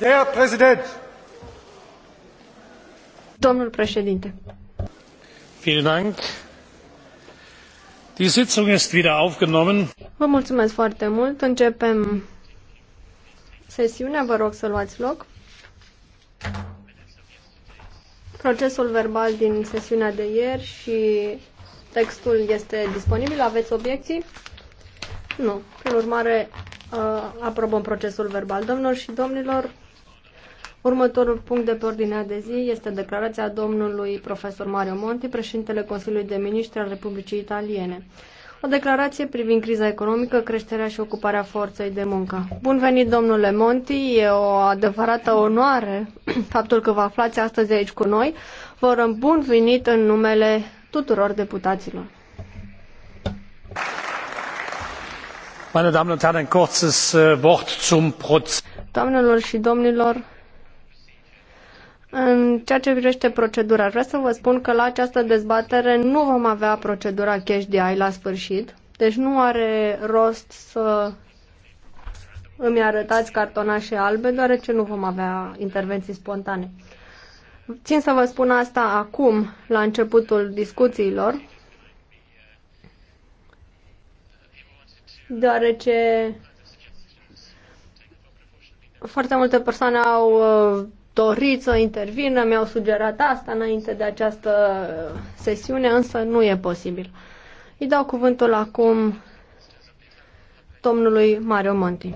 Der Präsident. Domnul președinte. Vielen Dank. Die Sitzung ist wieder aufgenommen. Vă mulțumesc foarte mult. Începem sesiunea. Vă rog să luați loc. Procesul verbal din sesiunea de ieri și textul este disponibil. Aveți obiecții? Nu. Prin urmare, uh, aprobăm procesul verbal. Domnilor și domnilor, Următorul punct de pe ordinea de zi este declarația domnului profesor Mario Monti, președintele Consiliului de Ministri al Republicii Italiene. O declarație privind criza economică, creșterea și ocuparea forței de muncă. Bun venit, domnule Monti, e o adevărată onoare faptul că vă aflați astăzi aici cu noi. Vă urăm bun venit în numele tuturor deputaților. Meine Damen und Herren, ein kurzes äh, Wort zum Prozess. Doamnelor și domnilor, în ceea ce privește procedura, vreau să vă spun că la această dezbatere nu vom avea procedura cash DI la sfârșit, deci nu are rost să îmi arătați cartonașe albe, deoarece nu vom avea intervenții spontane. Țin să vă spun asta acum, la începutul discuțiilor, deoarece foarte multe persoane au uh, dorit să intervină, mi-au sugerat asta înainte de această uh, sesiune, însă nu e posibil. Îi dau cuvântul acum domnului Mario Monti.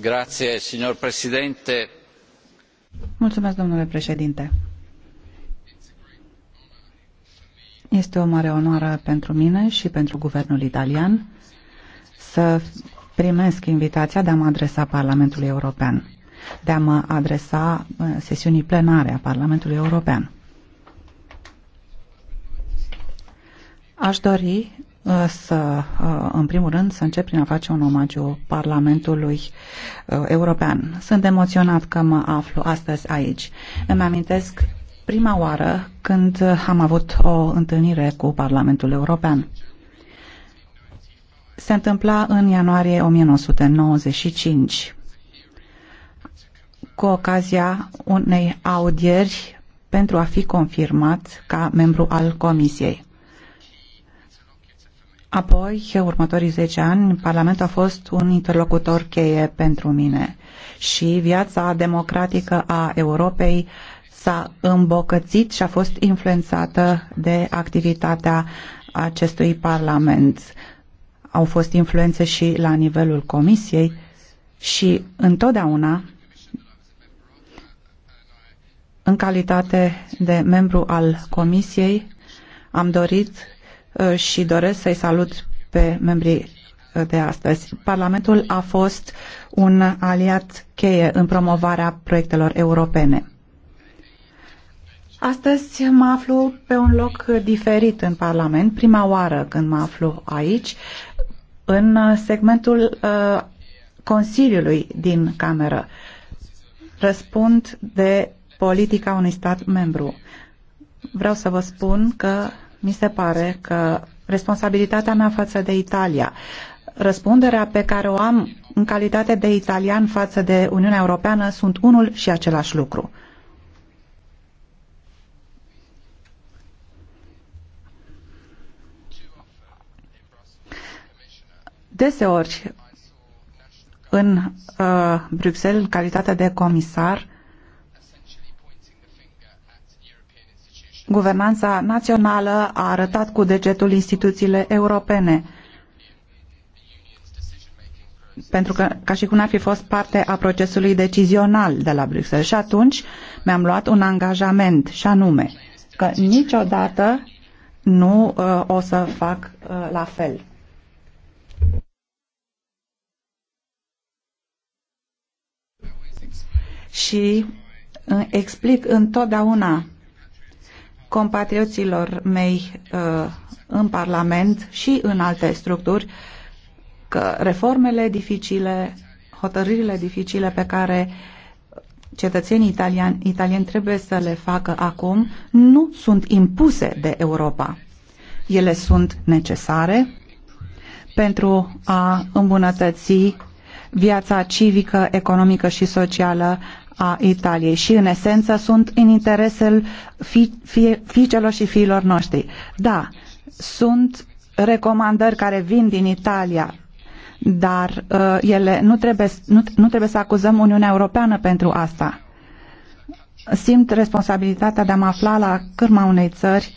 Grazie, signor Presidente. Mulțumesc, domnule președinte. Este o mare onoare pentru mine și pentru guvernul italian să primesc invitația de a mă adresa Parlamentului European, de a mă adresa uh, sesiunii plenare a Parlamentului European. Aș dori uh, să, uh, în primul rând, să încep prin a face un omagiu Parlamentului European. Sunt emoționat că mă aflu astăzi aici. Îmi amintesc prima oară când am avut o întâlnire cu Parlamentul European. Se întâmpla în ianuarie 1995 cu ocazia unei audieri pentru a fi confirmat ca membru al Comisiei. Apoi, următorii 10 ani, Parlamentul a fost un interlocutor cheie pentru mine și viața democratică a Europei s-a îmbocățit și a fost influențată de activitatea acestui Parlament. Au fost influențe și la nivelul Comisiei și întotdeauna, în calitate de membru al Comisiei, am dorit uh, și doresc să-i salut pe membrii de astăzi. Parlamentul a fost un aliat cheie în promovarea proiectelor europene. Astăzi mă aflu pe un loc diferit în Parlament, prima oară când mă aflu aici, în segmentul uh, Consiliului din Cameră. Răspund de politica unui stat membru. Vreau să vă spun că mi se pare că responsabilitatea mea față de Italia, răspunderea pe care o am în calitate de italian față de Uniunea Europeană sunt unul și același lucru. Deseori, în uh, Bruxelles, în calitate de comisar, guvernanța națională a arătat cu degetul instituțiile europene pentru că ca și cum ar fi fost parte a procesului decizional de la Bruxelles. Și atunci mi-am luat un angajament și anume că niciodată nu uh, o să fac uh, la fel. și uh, explic întotdeauna compatrioților mei uh, în Parlament și în alte structuri că reformele dificile, hotărârile dificile pe care cetățenii italiani, italieni trebuie să le facă acum nu sunt impuse de Europa. Ele sunt necesare pentru a îmbunătăți viața civică, economică și socială a Italiei și, în esență, sunt în interesul fi, fie, fiicelor și fiilor noștri. Da, sunt recomandări care vin din Italia, dar uh, ele nu trebuie, nu, nu trebuie să acuzăm Uniunea Europeană pentru asta. Simt responsabilitatea de a mă afla la cârma unei țări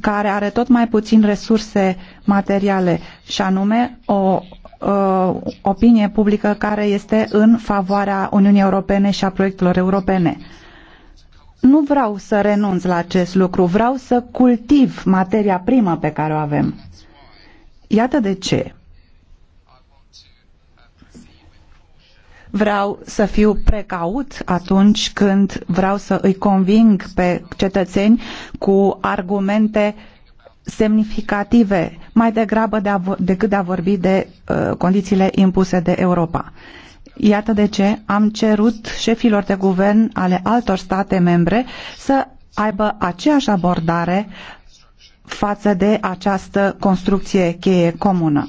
care are tot mai puțin resurse materiale și anume o uh, opinie publică care este în favoarea Uniunii Europene și a proiectelor europene. Nu vreau să renunț la acest lucru, vreau să cultiv materia primă pe care o avem. Iată de ce. Vreau să fiu precaut atunci când vreau să îi conving pe cetățeni cu argumente uh, semnificative mai degrabă de a, decât de a vorbi de uh, condițiile impuse de Europa. Iată de ce am cerut șefilor de guvern ale altor state membre să aibă aceeași abordare față de această construcție cheie comună.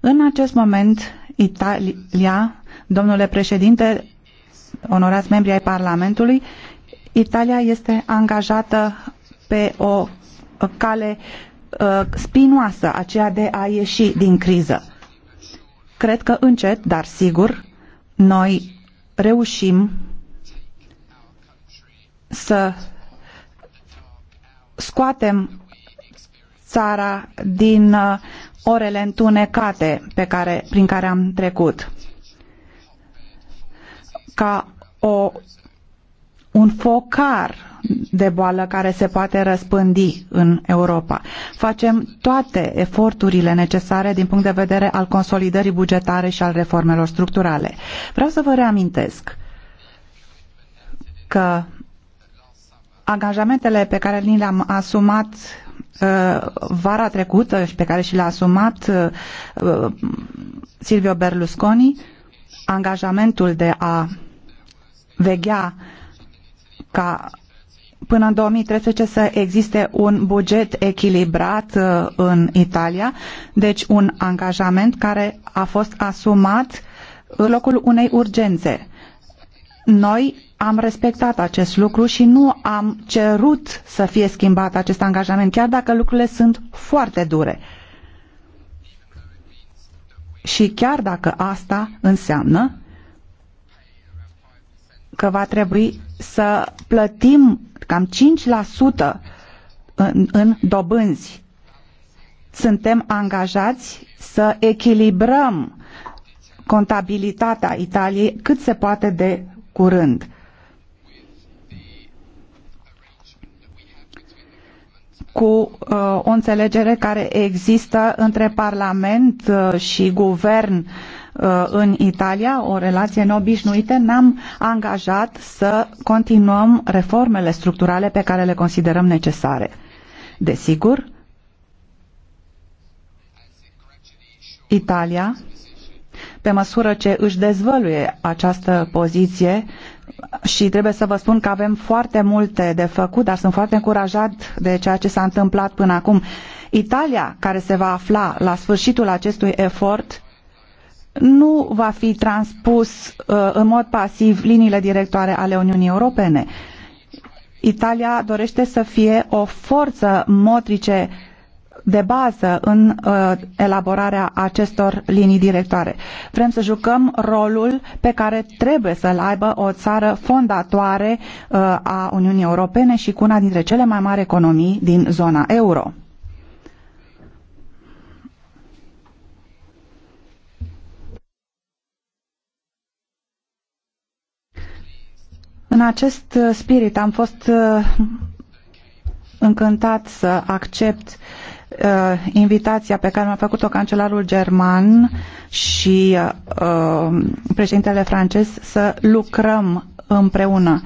În acest moment, Italia, domnule președinte, onorați membri ai Parlamentului, Italia este angajată pe o Uh, cale uh, spinoasă, aceea de a ieși din criză. Cred că încet, dar sigur, noi reușim să scoatem țara din uh, orele întunecate pe care, prin care am trecut. Ca o, un focar de boală care se poate răspândi în Europa. Facem toate eforturile necesare din punct de vedere al consolidării bugetare și al reformelor structurale. Vreau să vă reamintesc că angajamentele pe care ni le-am asumat uh, vara trecută și pe care și le-a asumat uh, uh, Silvio Berlusconi, angajamentul de a veghea ca până în 2013 să existe un buget echilibrat uh, în Italia, deci un angajament care a fost asumat în locul unei urgențe. Noi am respectat acest lucru și nu am cerut să fie schimbat acest angajament, chiar dacă lucrurile sunt foarte dure. Și chiar dacă asta înseamnă că va trebui să plătim cam 5% în, în dobânzi. Suntem angajați să echilibrăm contabilitatea Italiei cât se poate de curând. cu uh, o înțelegere care există între Parlament uh, și Guvern uh, Uh, în Italia, o relație neobișnuită, ne-am angajat să continuăm reformele structurale pe care le considerăm necesare. Desigur, Italia, pe măsură ce își dezvăluie această poziție, și trebuie să vă spun că avem foarte multe de făcut, dar sunt foarte încurajat de ceea ce s-a întâmplat până acum. Italia, care se va afla la sfârșitul acestui efort, nu va fi transpus uh, în mod pasiv liniile directoare ale Uniunii Europene. Italia dorește să fie o forță motrice de bază în uh, elaborarea acestor linii directoare. Vrem să jucăm rolul pe care trebuie să-l aibă o țară fondatoare uh, a Uniunii Europene și cu una dintre cele mai mari economii din zona euro. În acest uh, spirit am fost uh, încântat să accept uh, invitația pe care mi-a făcut-o cancelarul german și președintele francez să lucrăm împreună.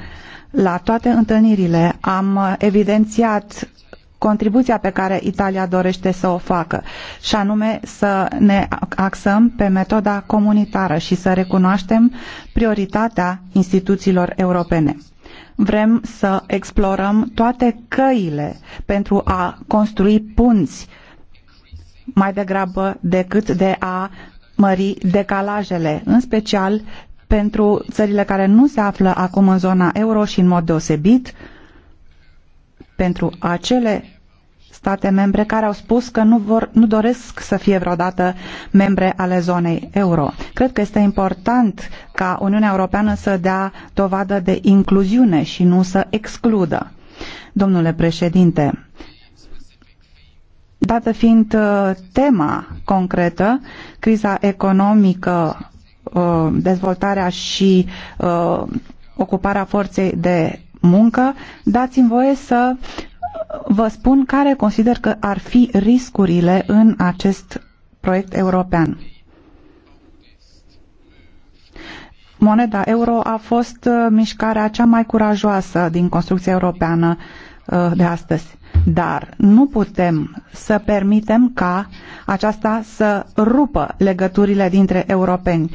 La toate întâlnirile am evidențiat contribuția pe care Italia dorește să o facă, și anume să ne axăm pe metoda comunitară și să recunoaștem prioritatea instituțiilor europene. Vrem să explorăm toate căile pentru a construi punți mai degrabă decât de a mări decalajele, în special pentru țările care nu se află acum în zona euro și în mod deosebit pentru acele state membre care au spus că nu, vor, nu doresc să fie vreodată membre ale zonei euro. Cred că este important ca Uniunea Europeană să dea dovadă de incluziune și nu să excludă. Domnule președinte, dată fiind uh, tema concretă, criza economică, uh, dezvoltarea și uh, ocuparea forței de muncă, dați-mi voie să vă spun care consider că ar fi riscurile în acest proiect european. Moneda euro a fost uh, mișcarea cea mai curajoasă din construcția europeană uh, de astăzi. Dar nu putem să permitem ca aceasta să rupă legăturile dintre europeni.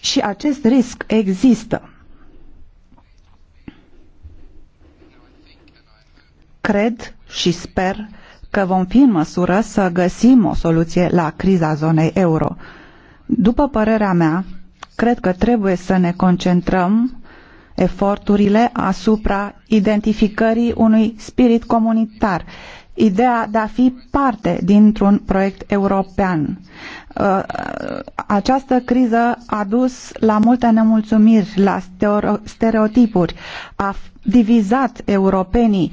Și acest risc există. Cred și sper că vom fi în măsură să găsim o soluție la criza zonei euro. După părerea mea, cred că trebuie să ne concentrăm eforturile asupra identificării unui spirit comunitar, ideea de a fi parte dintr-un proiect european. Uh, această criză a dus la multe nemulțumiri, la stereotipuri, a divizat europenii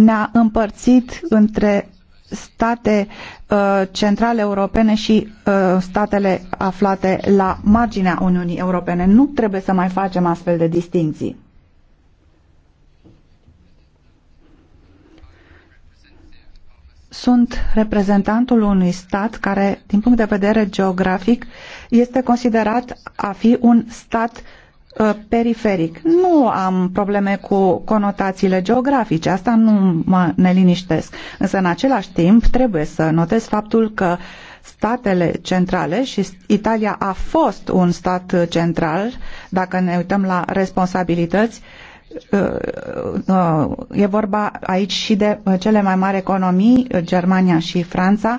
ne-a împărțit între state uh, centrale europene și uh, statele aflate la marginea Uniunii Europene. Nu trebuie să mai facem astfel de distinții. Sunt reprezentantul unui stat care, din punct de vedere geografic, este considerat a fi un stat uh, Uh, periferic. Nu am probleme cu conotațiile geografice, asta nu mă neliniștesc. Însă, în același timp, trebuie să notez faptul că statele centrale și Italia a fost un stat central, dacă ne uităm la responsabilități, uh, uh, e vorba aici și de cele mai mari economii, Germania și Franța,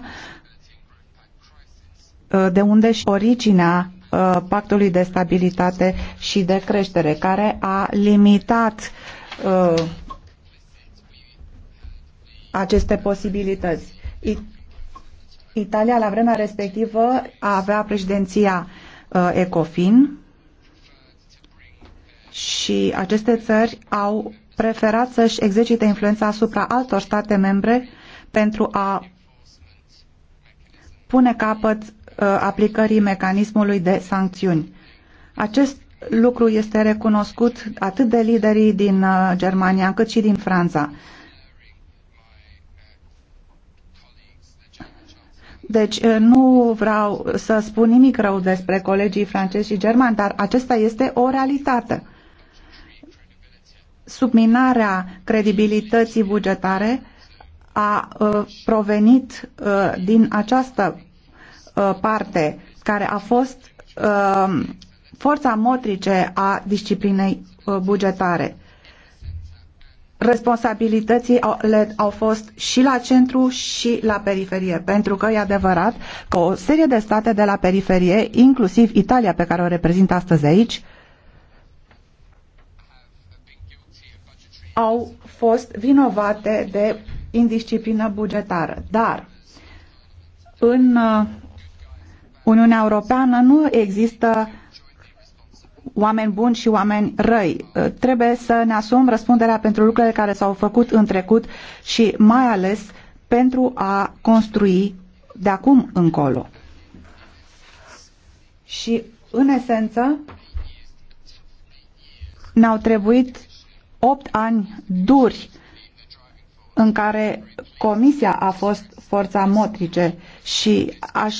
de unde și originea Uh, Pactului de Stabilitate și de Creștere, care a limitat uh, aceste posibilități. Italia, la vremea respectivă, avea președinția uh, ECOFIN și aceste țări au preferat să-și exercite influența asupra altor state membre pentru a pune capăt Uh, aplicării mecanismului de sancțiuni. Acest lucru este recunoscut atât de liderii din uh, Germania cât și din Franța. Deci uh, nu vreau să spun nimic rău despre colegii francezi și germani, dar acesta este o realitate. Subminarea credibilității bugetare a provenit din această Uh, parte care a fost uh, forța motrice a disciplinei uh, bugetare. Responsabilității au, le, au fost și la centru și la periferie, pentru că e adevărat că o serie de state de la periferie, inclusiv Italia pe care o reprezint astăzi aici, au fost vinovate de indisciplină bugetară. Dar în Uniunea Europeană nu există oameni buni și oameni răi. Uh, trebuie să ne asumăm răspunderea pentru lucrurile care s-au făcut în trecut și mai ales pentru a construi de acum încolo. Și, în esență, ne-au trebuit opt ani duri în care comisia a fost forța motrice și aș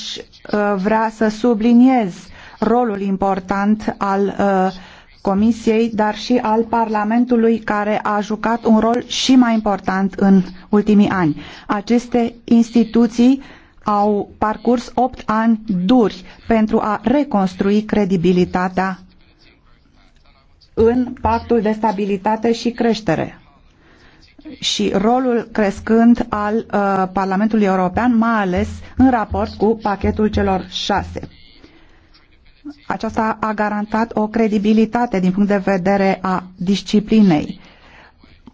Uh, vrea să subliniez rolul important al uh, Comisiei, dar și al Parlamentului, care a jucat un rol și mai important în ultimii ani. Aceste instituții au parcurs opt ani duri pentru a reconstrui credibilitatea în pactul de stabilitate și creștere și rolul crescând al uh, Parlamentului European, mai ales în raport cu pachetul celor șase. Aceasta a garantat o credibilitate din punct de vedere a disciplinei,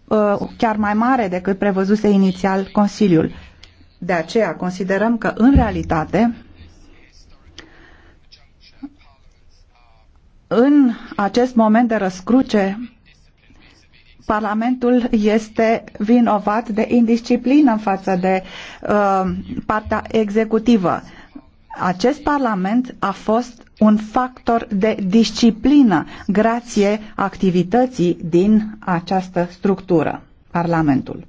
uh, chiar mai mare decât prevăzuse inițial Consiliul. De aceea considerăm că, în realitate, în acest moment de răscruce, Parlamentul este vinovat de indisciplină față de uh, partea executivă. Acest Parlament a fost un factor de disciplină grație activității din această structură, Parlamentul.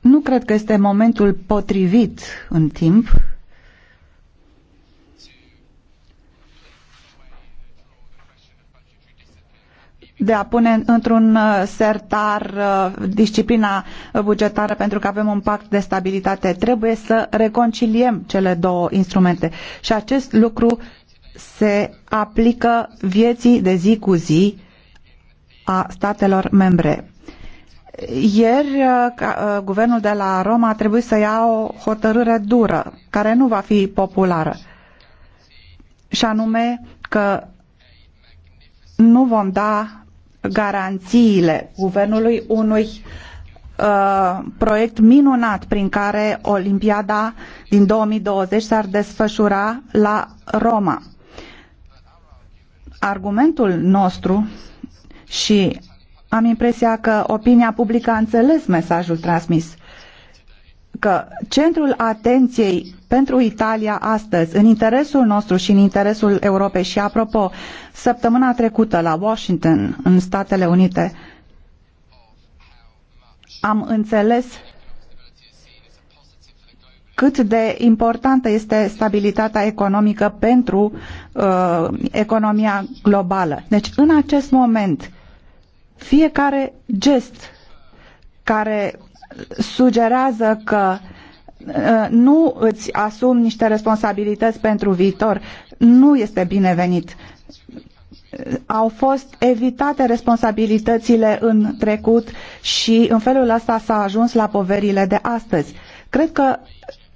Nu cred că este momentul potrivit în timp de a pune într-un uh, sertar uh, disciplina bugetară pentru că avem un pact de stabilitate. Trebuie să reconciliem cele două instrumente și acest lucru se aplică vieții de zi cu zi a statelor membre. Ieri, uh, guvernul de la Roma a trebuit să ia o hotărâre dură, care nu va fi populară, și anume că nu vom da garanțiile guvernului unui uh, proiect minunat prin care Olimpiada din 2020 s-ar desfășura la Roma. Argumentul nostru și am impresia că opinia publică a înțeles mesajul transmis că centrul atenției pentru Italia astăzi, în interesul nostru și în interesul Europei și apropo, săptămâna trecută la Washington, în Statele Unite, am înțeles cât de importantă este stabilitatea economică pentru uh, economia globală. Deci, în acest moment, fiecare gest care sugerează că uh, nu îți asumi niște responsabilități pentru viitor, nu este binevenit. Au fost evitate responsabilitățile în trecut și în felul ăsta s-a ajuns la poverile de astăzi. Cred că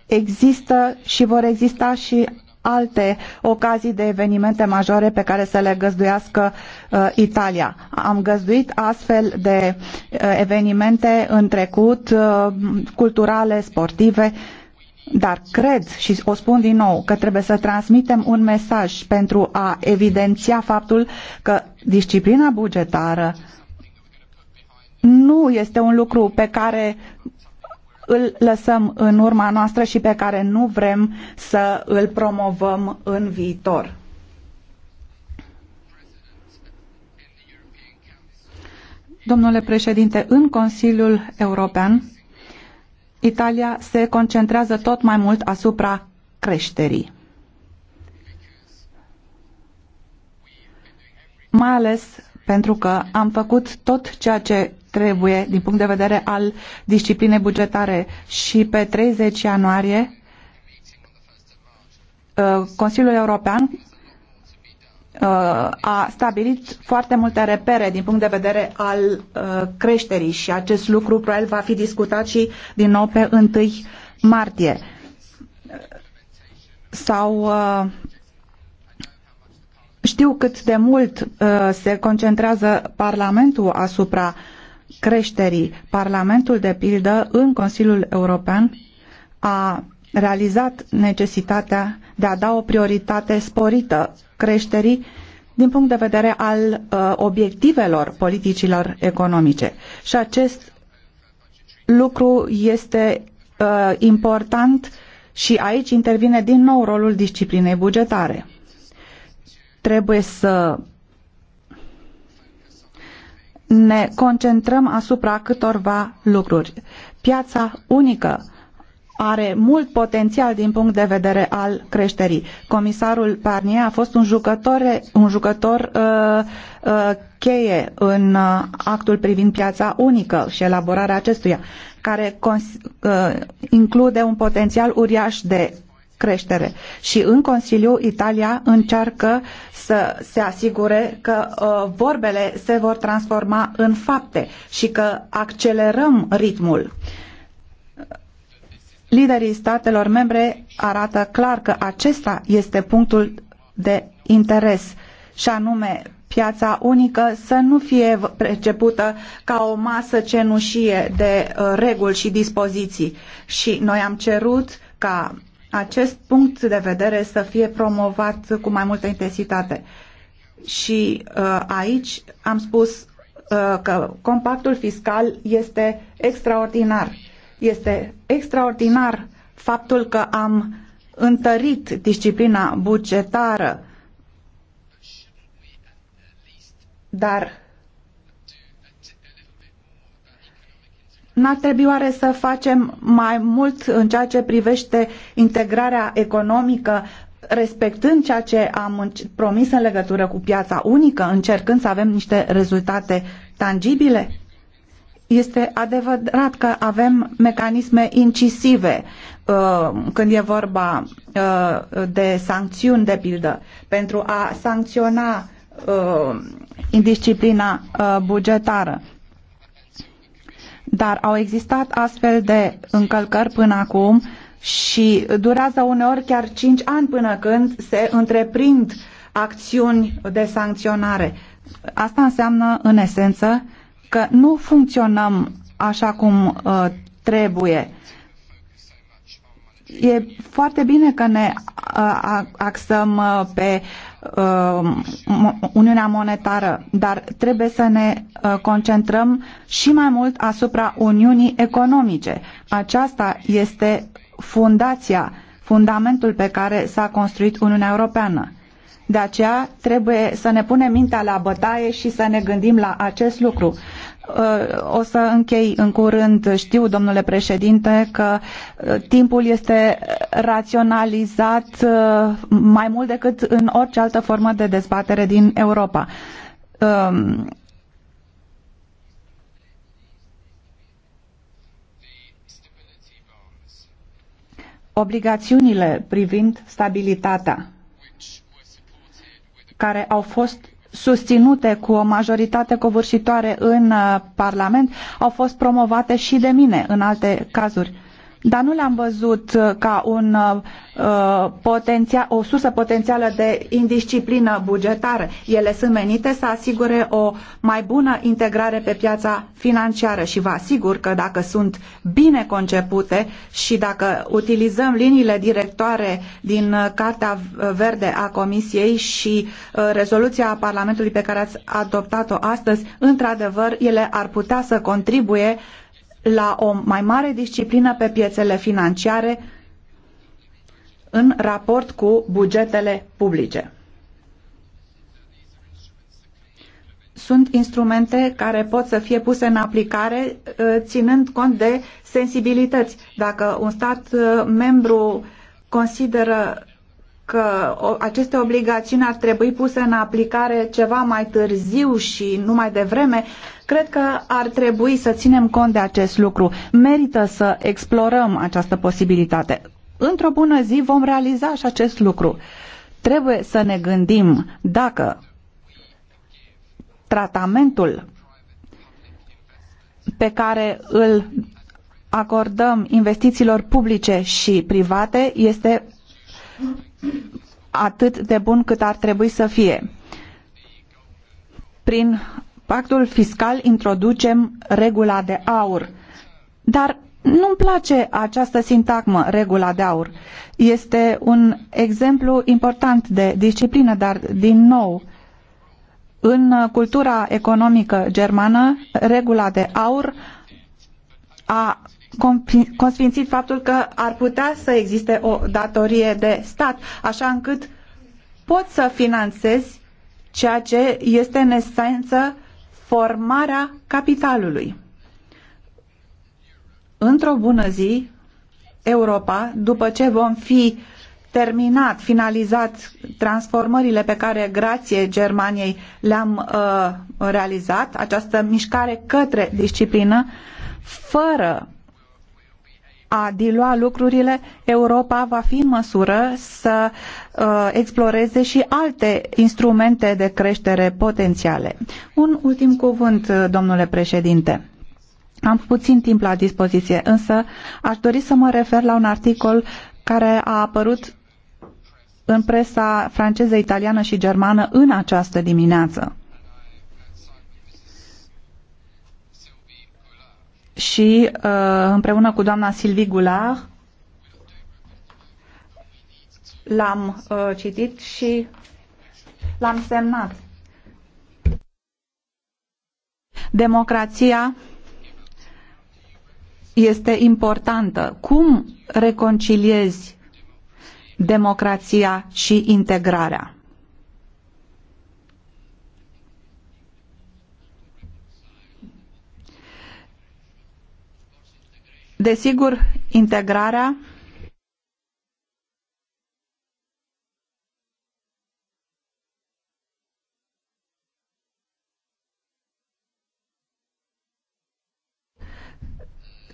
există și vor exista și alte ocazii de evenimente majore pe care să le găzduiască uh, Italia. Am găzduit astfel de uh, evenimente în trecut, uh, culturale, sportive, dar cred și o spun din nou că trebuie să transmitem un mesaj pentru a evidenția faptul că disciplina bugetară nu este un lucru pe care îl lăsăm în urma noastră și pe care nu vrem să îl promovăm în viitor. Domnule președinte, în Consiliul European, Italia se concentrează tot mai mult asupra creșterii. Mai ales pentru că am făcut tot ceea ce trebuie din punct de vedere al disciplinei bugetare și pe 30 ianuarie uh, Consiliul European uh, a stabilit foarte multe repere din punct de vedere al uh, creșterii și acest lucru probabil va fi discutat și din nou pe 1 martie. Sau știu cât de mult se concentrează Parlamentul asupra uh, creșterii. Parlamentul, de pildă, în Consiliul European a realizat necesitatea de a da o prioritate sporită creșterii din punct de vedere al uh, obiectivelor politicilor economice. Și acest lucru este uh, important și aici intervine din nou rolul disciplinei bugetare. Trebuie să ne concentrăm asupra câtorva lucruri. Piața unică are mult potențial din punct de vedere al creșterii. Comisarul Barnier a fost un jucător, un jucător uh, uh, cheie în uh, actul privind piața unică și elaborarea acestuia, care uh, include un potențial uriaș de creștere. Și în Consiliu Italia încearcă să se asigure că uh, vorbele se vor transforma în fapte și că accelerăm ritmul. Liderii statelor membre arată clar că acesta este punctul de interes și anume piața unică să nu fie percepută ca o masă cenușie de uh, reguli și dispoziții. Și noi am cerut ca acest punct de vedere să fie promovat cu mai multă intensitate. Și uh, aici am spus uh, că compactul fiscal este extraordinar. Este extraordinar faptul că am întărit disciplina bugetară, dar N-ar trebui oare să facem mai mult în ceea ce privește integrarea economică, respectând ceea ce am promis în legătură cu piața unică, încercând să avem niște rezultate tangibile? Este adevărat că avem mecanisme incisive uh, când e vorba uh, de sancțiuni, de pildă, pentru a sancționa uh, indisciplina bugetară. Dar au existat astfel de încălcări până acum și durează uneori chiar 5 ani până când se întreprind acțiuni de sancționare. Asta înseamnă, în esență, că nu funcționăm așa cum uh, trebuie. E foarte bine că ne uh, axăm uh, pe Uh, Uniunea Monetară, dar trebuie să ne uh, concentrăm și mai mult asupra Uniunii Economice. Aceasta este fundația, fundamentul pe care s-a construit Uniunea Europeană. De aceea trebuie să ne punem mintea la bătaie și să ne gândim la acest lucru. Uh, o să închei în curând. Știu, domnule președinte, că uh, timpul este raționalizat uh, mai mult decât în orice altă formă de dezbatere din Europa. Um, obligațiunile privind stabilitatea care au fost susținute cu o majoritate covârșitoare în uh, Parlament au fost promovate și de mine în alte cazuri dar nu l-am văzut uh, ca un, uh, uh, potenția, o sursă potențială de indisciplină bugetară. Ele sunt menite să asigure o mai bună integrare pe piața financiară și vă asigur că dacă sunt bine concepute și dacă utilizăm liniile directoare din uh, Cartea Verde a Comisiei și uh, rezoluția Parlamentului pe care ați adoptat-o astăzi, într-adevăr, ele ar putea să contribuie la o mai mare disciplină pe piețele financiare în raport cu bugetele publice. Sunt instrumente care pot să fie puse în aplicare ă, ținând cont de sensibilități. Dacă un stat ă, membru consideră că aceste obligațiuni ar trebui puse în aplicare ceva mai târziu și nu mai devreme, cred că ar trebui să ținem cont de acest lucru. Merită să explorăm această posibilitate. Într-o bună zi vom realiza și acest lucru. Trebuie să ne gândim dacă tratamentul pe care îl acordăm investițiilor publice și private este atât de bun cât ar trebui să fie. Prin pactul fiscal introducem regula de aur. Dar nu-mi place această sintagmă, regula de aur. Este un exemplu important de disciplină, dar, din nou, în cultura economică germană, regula de aur a consfințit faptul că ar putea să existe o datorie de stat, așa încât poți să finanțezi ceea ce este în esență formarea capitalului. Într-o bună zi, Europa, după ce vom fi terminat, finalizat transformările pe care, grație Germaniei, le-am uh, realizat, această mișcare către disciplină, fără a dilua lucrurile, Europa va fi în măsură să uh, exploreze și alte instrumente de creștere potențiale. Un ultim cuvânt, uh, domnule președinte. Am puțin timp la dispoziție, însă aș dori să mă refer la un articol care a apărut în presa franceză, italiană și germană în această dimineață. și uh, împreună cu doamna Sylvie Goulard l-am uh, citit și l-am semnat. Democrația este importantă. Cum reconciliezi democrația și integrarea? Desigur, integrarea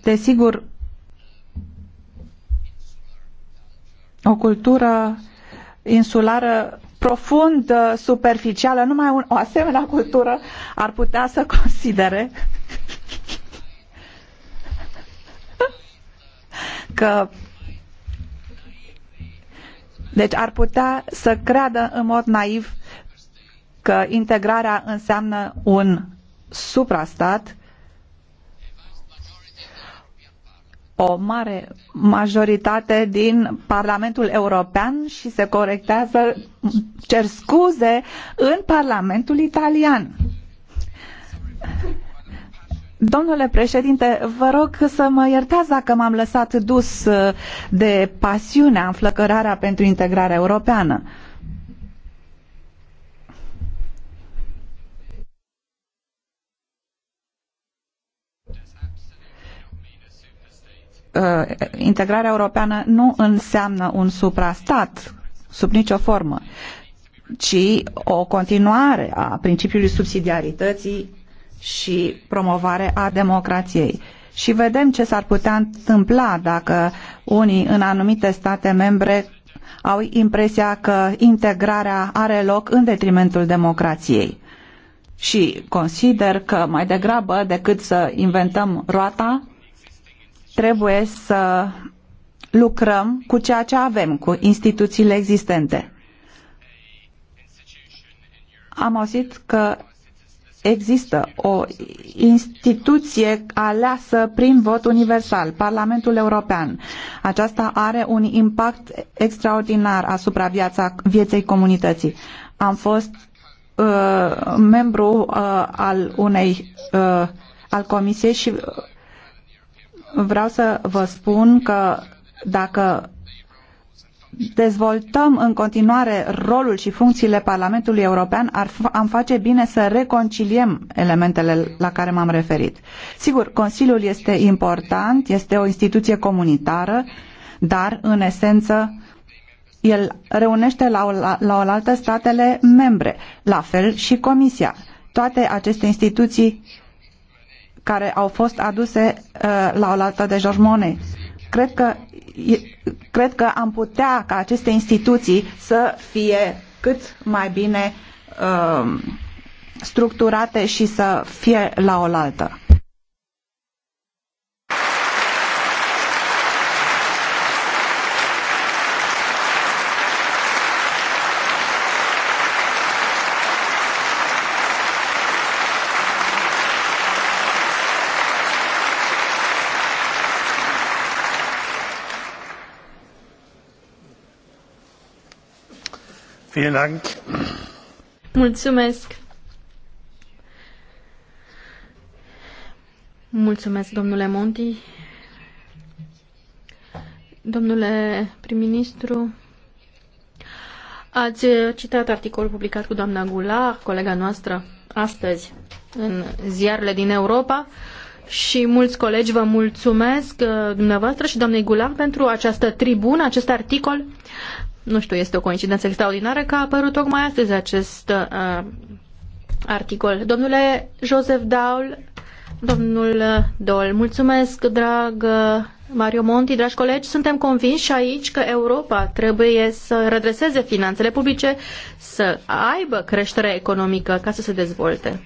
Desigur, o cultură insulară profund uh, superficială, numai o asemenea cultură ar putea să considere că deci ar putea să creadă în mod naiv că integrarea înseamnă un suprastat o mare majoritate din Parlamentul European și se corectează, cer scuze, în Parlamentul Italian. Domnule președinte, vă rog să mă iertați dacă m-am lăsat dus uh, de pasiunea, înflăcărarea pentru integrarea europeană. Uh, integrarea europeană nu înseamnă un suprastat sub nicio formă, ci o continuare a principiului subsidiarității și promovare a democrației. Și vedem ce s-ar putea întâmpla dacă unii în anumite state membre au impresia că integrarea are loc în detrimentul democrației. Și consider că mai degrabă decât să inventăm roata, trebuie să lucrăm cu ceea ce avem, cu instituțiile existente. Am auzit că există o instituție aleasă prin vot universal, Parlamentul European. Aceasta are un impact extraordinar asupra viața, vieței comunității. Am fost uh, membru uh, al unei uh, al comisiei și vreau să vă spun că dacă dezvoltăm în continuare rolul și funcțiile Parlamentului European, ar, am face bine să reconciliem elementele la care m-am referit. Sigur, Consiliul este important, este o instituție comunitară, dar, în esență, el reunește la, la, la oaltă statele membre, la fel și Comisia. Toate aceste instituții care au fost aduse uh, la oaltă de George Monet Cred că, cred că am putea ca aceste instituții să fie cât mai bine uh, structurate și să fie la oaltă. Mulțumesc. Mulțumesc, domnule Monti. Domnule prim-ministru, ați citat articolul publicat cu doamna Goulart, colega noastră, astăzi în ziarele din Europa și mulți colegi vă mulțumesc uh, dumneavoastră și doamnei Goulart pentru această tribună, acest articol nu știu, este o coincidență extraordinară că a apărut tocmai astăzi acest uh, articol. Domnule Joseph Daul, domnul Dol, mulțumesc, dragă. Mario Monti, dragi colegi, suntem convinși aici că Europa trebuie să redreseze finanțele publice, să aibă creștere economică ca să se dezvolte.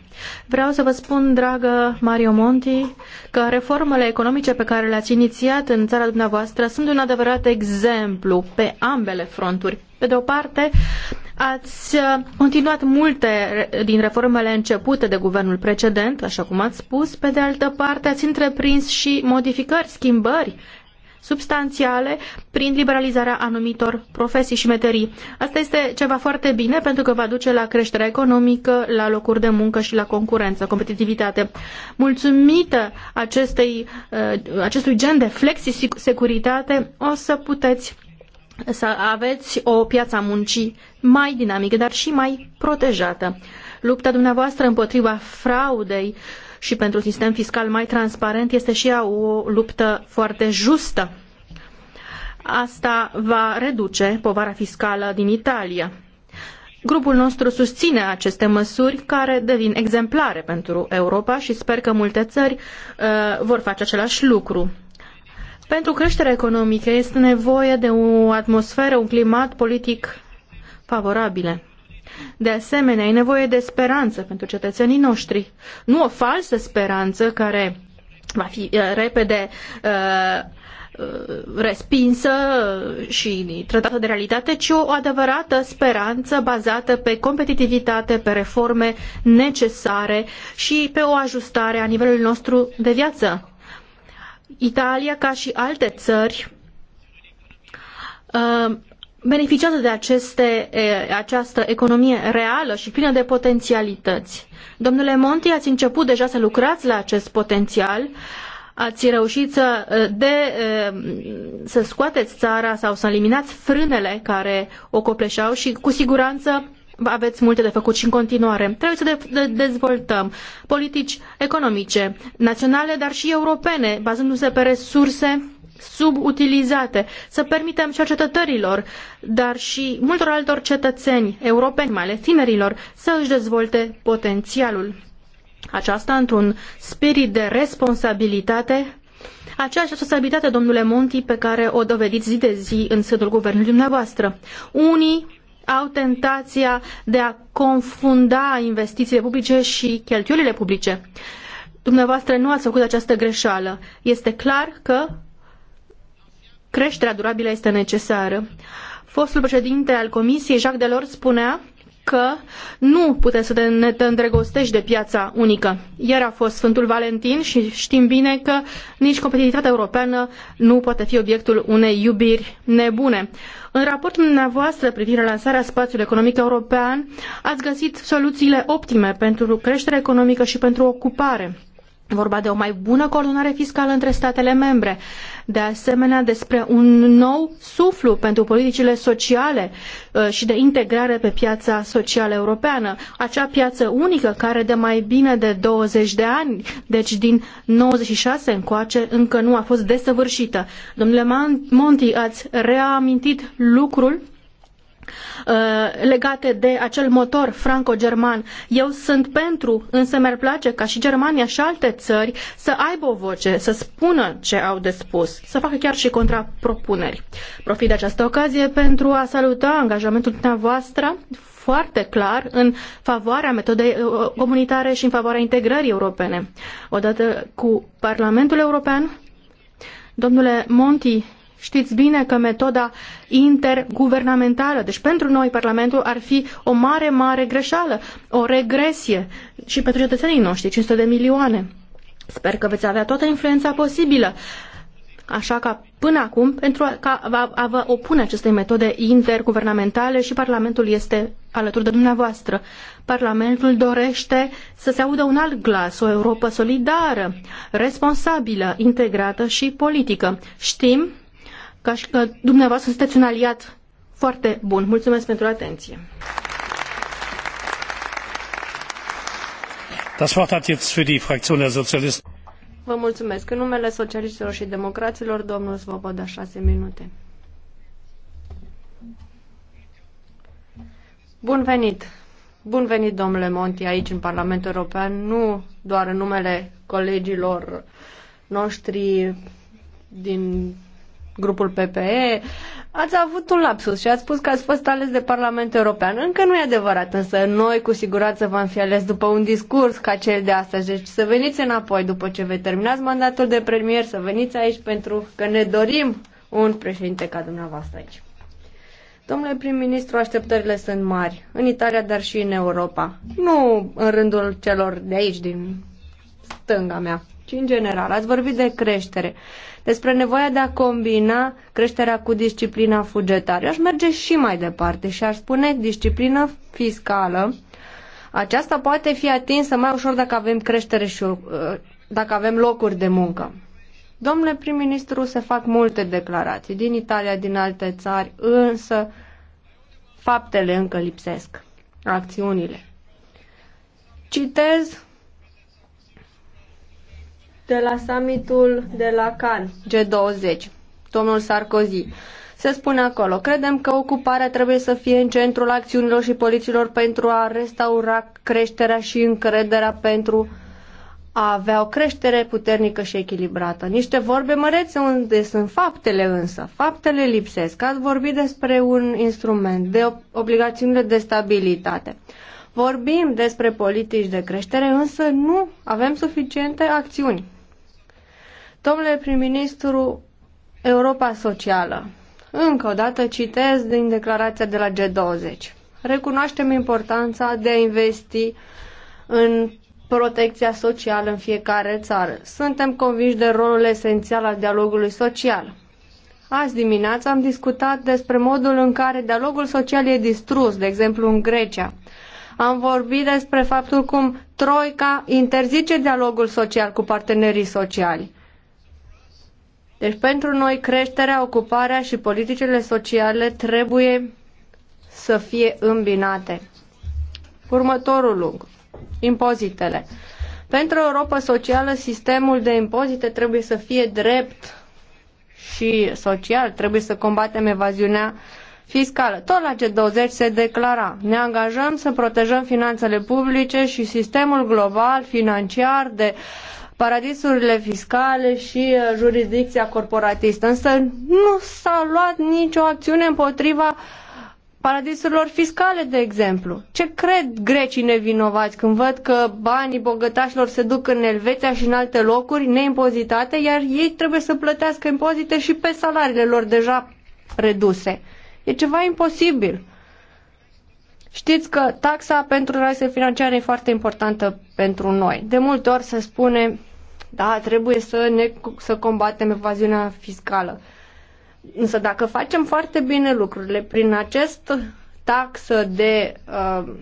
Vreau să vă spun, dragă Mario Monti, că reformele economice pe care le-ați inițiat în țara dumneavoastră sunt un adevărat exemplu pe ambele fronturi. Pe de o parte, Ați uh, continuat multe din reformele începute de guvernul precedent, așa cum ați spus. Pe de altă parte, ați întreprins și modificări, schimbări substanțiale prin liberalizarea anumitor profesii și meterii. Asta este ceva foarte bine pentru că va duce la creșterea economică, la locuri de muncă și la concurență, competitivitate. Mulțumită acestei, uh, acestui gen de flexi securitate, o să puteți să aveți o piață a muncii mai dinamică, dar și mai protejată. Lupta dumneavoastră împotriva fraudei și pentru un sistem fiscal mai transparent este și ea o luptă foarte justă. Asta va reduce povara fiscală din Italia. Grupul nostru susține aceste măsuri care devin exemplare pentru Europa și sper că multe țări uh, vor face același lucru. Pentru creșterea economică este nevoie de o atmosferă, un climat politic favorabile. De asemenea, e nevoie de speranță pentru cetățenii noștri. Nu o falsă speranță care va fi uh, repede uh, uh, respinsă și tratată de realitate, ci o adevărată speranță bazată pe competitivitate, pe reforme necesare și pe o ajustare a nivelului nostru de viață. Italia, ca și alte țări, uh, beneficiază de aceste, această economie reală și plină de potențialități. Domnule Monti, ați început deja să lucrați la acest potențial, ați reușit să, uh, de, să scoateți țara sau să eliminați frânele care o copleșeau și cu siguranță aveți multe de făcut și în continuare. Trebuie să dezvoltăm politici economice, naționale, dar și europene, bazându-se pe resurse subutilizate, să permitem cercetătorilor, dar și multor altor cetățeni europeni, mai ales tinerilor, să își dezvolte potențialul. Aceasta într-un spirit de responsabilitate aceeași responsabilitate, domnule Monti, pe care o dovediți zi de zi în sânul guvernului dumneavoastră. Unii au tentația de a confunda investițiile publice și cheltuielile publice. Dumneavoastră nu ați făcut această greșeală. Este clar că creșterea durabilă este necesară. Fostul președinte al Comisiei, Jacques Delors, spunea că nu putem să ne te îndrăgostești de piața unică. Ieri a fost Sfântul Valentin și știm bine că nici competitivitatea europeană nu poate fi obiectul unei iubiri nebune. În raportul dumneavoastră privind relansarea spațiului economic european, ați găsit soluțiile optime pentru creștere economică și pentru ocupare vorba de o mai bună coordonare fiscală între statele membre, de asemenea despre un nou suflu pentru politicile sociale uh, și de integrare pe piața socială europeană, acea piață unică care de mai bine de 20 de ani, deci din 96 încoace, încă nu a fost desăvârșită. Domnule Monti, ați reamintit lucrul Uh, legate de acel motor franco-german. Eu sunt pentru, însă mi-ar place ca și Germania și alte țări să aibă o voce, să spună ce au de spus, să facă chiar și contrapropuneri. Profit de această ocazie pentru a saluta angajamentul dumneavoastră foarte clar în favoarea metodei uh, comunitare și în favoarea integrării europene. Odată cu Parlamentul European, domnule Monti, Știți bine că metoda interguvernamentală, deci pentru noi Parlamentul ar fi o mare, mare greșeală, o regresie și pentru cetățenii noștri, 500 de milioane. Sper că veți avea toată influența posibilă așa ca până acum, pentru a, a, a vă opune acestei metode interguvernamentale și Parlamentul este alături de dumneavoastră. Parlamentul dorește să se audă un alt glas, o Europa solidară, responsabilă, integrată și politică. Știm ca și că dumneavoastră sunteți un aliat foarte bun. Mulțumesc pentru atenție. Das Wort hat jetzt für die Fraktion der Sozialisten. Vă mulțumesc. În numele socialiștilor și democraților, domnul Svoboda, șase minute. Bun venit! Bun venit, domnule Monti, aici în Parlamentul European, nu doar în numele colegilor noștri din grupul PPE, ați avut un lapsus și ați spus că ați fost ales de Parlamentul European. Încă nu e adevărat, însă noi cu siguranță v-am fi ales după un discurs ca cel de astăzi. Deci să veniți înapoi după ce vă terminați mandatul de premier, să veniți aici pentru că ne dorim un președinte ca dumneavoastră aici. Domnule prim-ministru, așteptările sunt mari, în Italia, dar și în Europa. Nu în rândul celor de aici, din stânga mea, ci în general. Ați vorbit de creștere despre nevoia de a combina creșterea cu disciplina fugetară. aș merge și mai departe și aș spune disciplina fiscală. Aceasta poate fi atinsă mai ușor dacă avem creștere și uh, dacă avem locuri de muncă. Domnule prim-ministru, se fac multe declarații din Italia, din alte țari, însă faptele încă lipsesc, acțiunile. Citez de la summitul de la Cannes, G20, domnul Sarkozy. Se spune acolo, credem că ocuparea trebuie să fie în centrul acțiunilor și poliților pentru a restaura creșterea și încrederea pentru a avea o creștere puternică și echilibrată. Niște vorbe mărețe unde sunt faptele însă. Faptele lipsesc. Ați vorbit despre un instrument, de obligațiunile de stabilitate. Vorbim despre politici de creștere, însă nu avem suficiente acțiuni. Domnule prim-ministru, Europa Socială. Încă o dată citez din declarația de la G20. Recunoaștem importanța de a investi în protecția socială în fiecare țară. Suntem convinși de rolul esențial al dialogului social. Azi dimineața am discutat despre modul în care dialogul social e distrus, de exemplu în Grecia. Am vorbit despre faptul cum Troica interzice dialogul social cu partenerii sociali. Deci pentru noi creșterea, ocuparea și politicile sociale trebuie să fie îmbinate. Următorul lung, impozitele. Pentru Europa Socială, sistemul de impozite trebuie să fie drept și social, trebuie să combatem evaziunea fiscală. Tot la G20 se declara, ne angajăm să protejăm finanțele publice și sistemul global financiar de uh, paradisurile fiscale și uh, jurisdicția corporatistă. Însă nu s-a luat nicio acțiune împotriva paradisurilor fiscale, de exemplu. Ce cred grecii nevinovați când văd că banii bogătașilor se duc în Elveția și în alte locuri neimpozitate, iar ei trebuie să plătească impozite și pe salariile lor deja reduse? E ceva imposibil. Știți că taxa pentru resurse financiare e foarte importantă pentru noi. De multe ori se spune da, trebuie să, ne, să combatem evaziunea fiscală. Însă dacă facem foarte bine lucrurile prin acest taxă de uh,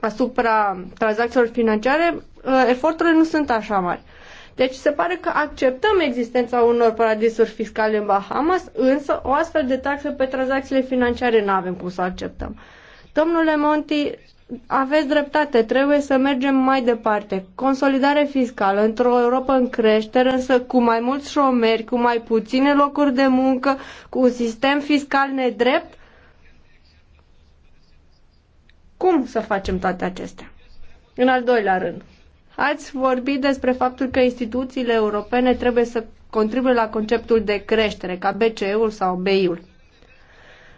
asupra tranzacțiilor financiare, uh, eforturile nu sunt așa mari. Deci se pare că acceptăm existența unor paradisuri fiscale în Bahamas, însă o astfel de taxă pe tranzacțiile financiare nu avem cum să o acceptăm. Domnule Monti, aveți dreptate, trebuie să mergem mai departe. Consolidare fiscală într-o Europa în creștere, însă cu mai mulți șomeri, cu mai puține locuri de muncă, cu un sistem fiscal nedrept. Cum să facem toate acestea? În al doilea rând, ați vorbit despre faptul că instituțiile europene trebuie să contribuie la conceptul de creștere, ca BCE-ul sau BI-ul.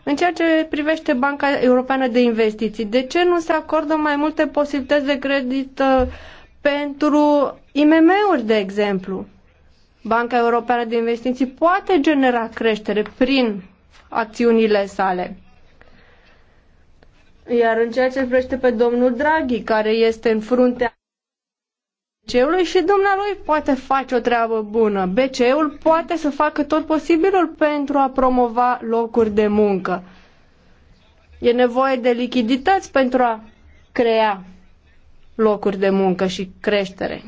În ceea ce privește Banca Europeană de Investiții, de ce nu se acordă mai multe posibilități de credit uh, pentru IMM-uri, de exemplu? Banca Europeană de Investiții poate genera creștere prin acțiunile sale. Iar în ceea ce privește pe domnul Draghi, care este în fruntea BCE-ului și dumnealui poate face o treabă bună. BCE-ul poate să facă tot posibilul pentru a promova locuri de muncă. E nevoie de lichidități pentru a crea locuri de muncă și creștere.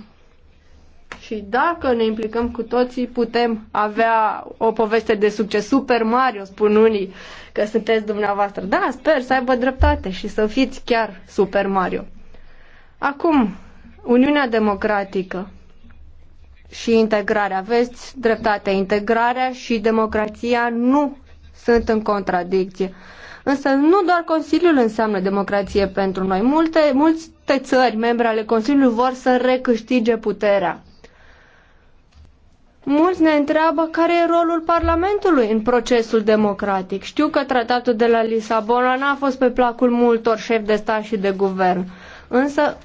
Și dacă ne implicăm cu toții, putem avea o poveste de succes. Super Mario, spun unii că sunteți dumneavoastră. Da, sper să aibă dreptate și să fiți chiar Super Mario. Acum, Uniunea democratică și integrarea. Aveți dreptate, integrarea și democrația nu sunt în contradicție. Însă nu doar Consiliul înseamnă democrație pentru noi. Multe, multe țări, membre ale Consiliului, vor să recâștige puterea. Mulți ne întreabă care e rolul Parlamentului în procesul democratic. Știu că tratatul de la Lisabona n-a fost pe placul multor șefi de stat și de guvern. Însă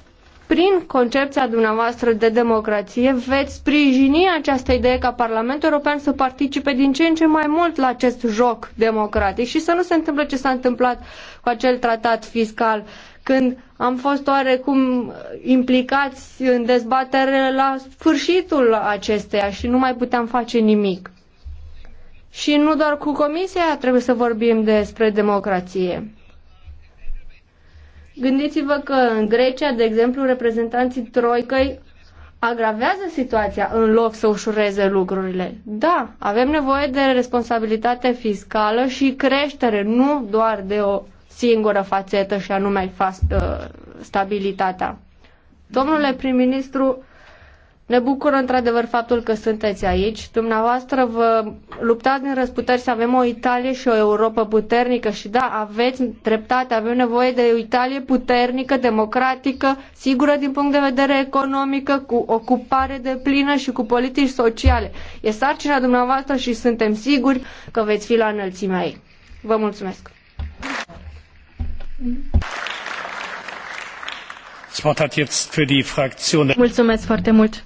prin concepția dumneavoastră de democrație, veți sprijini această idee ca Parlamentul European să participe din ce în ce mai mult la acest joc democratic și să nu se întâmple ce s-a întâmplat cu acel tratat fiscal când am fost oarecum implicați în dezbatere la sfârșitul acesteia și nu mai puteam face nimic. Și nu doar cu Comisia trebuie să vorbim despre democrație. Gândiți-vă că în Grecia, de exemplu, reprezentanții troicăi agravează situația în loc să ușureze lucrurile. Da, avem nevoie de responsabilitate fiscală și creștere, nu doar de o singură fațetă și anume ă, stabilitatea. Domnule prim-ministru, ne bucură într-adevăr faptul că sunteți aici. Dumneavoastră vă luptați din răsputeri să avem o Italie și o Europa puternică și da, aveți dreptate, avem nevoie de o Italie puternică, democratică, sigură din punct de vedere economică, cu ocupare de plină și cu politici sociale. E sarcina dumneavoastră și suntem siguri că veți fi la înălțimea ei. Vă mulțumesc! Mulțumesc foarte mult!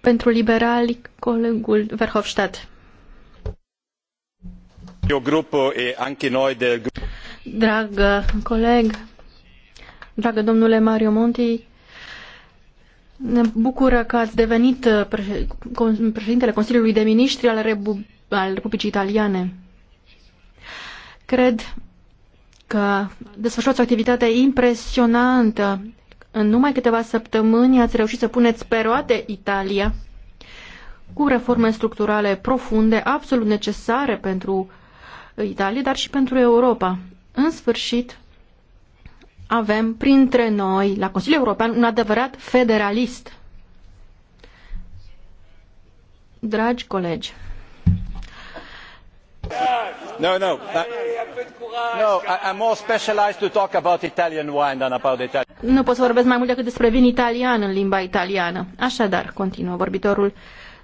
Pentru liberali, colegul Verhofstadt. Dragă coleg, dragă domnule Mario Monti, ne bucură că ați devenit uh, președintele Consiliului de Ministri al, Rebu- al Republicii Italiane. Cred că desfășurați o activitate impresionantă în numai câteva săptămâni ați reușit să puneți pe roate Italia cu reforme structurale profunde, absolut necesare pentru Italia, dar și pentru Europa. În sfârșit, avem printre noi, la Consiliul European, un adevărat federalist. Dragi colegi, No, no. no, I'm more specialized to talk about Italian wine than about Italian. Nu pot să vorbesc mai mult decât despre vin italian în limba italiană. Așadar, continuă vorbitorul.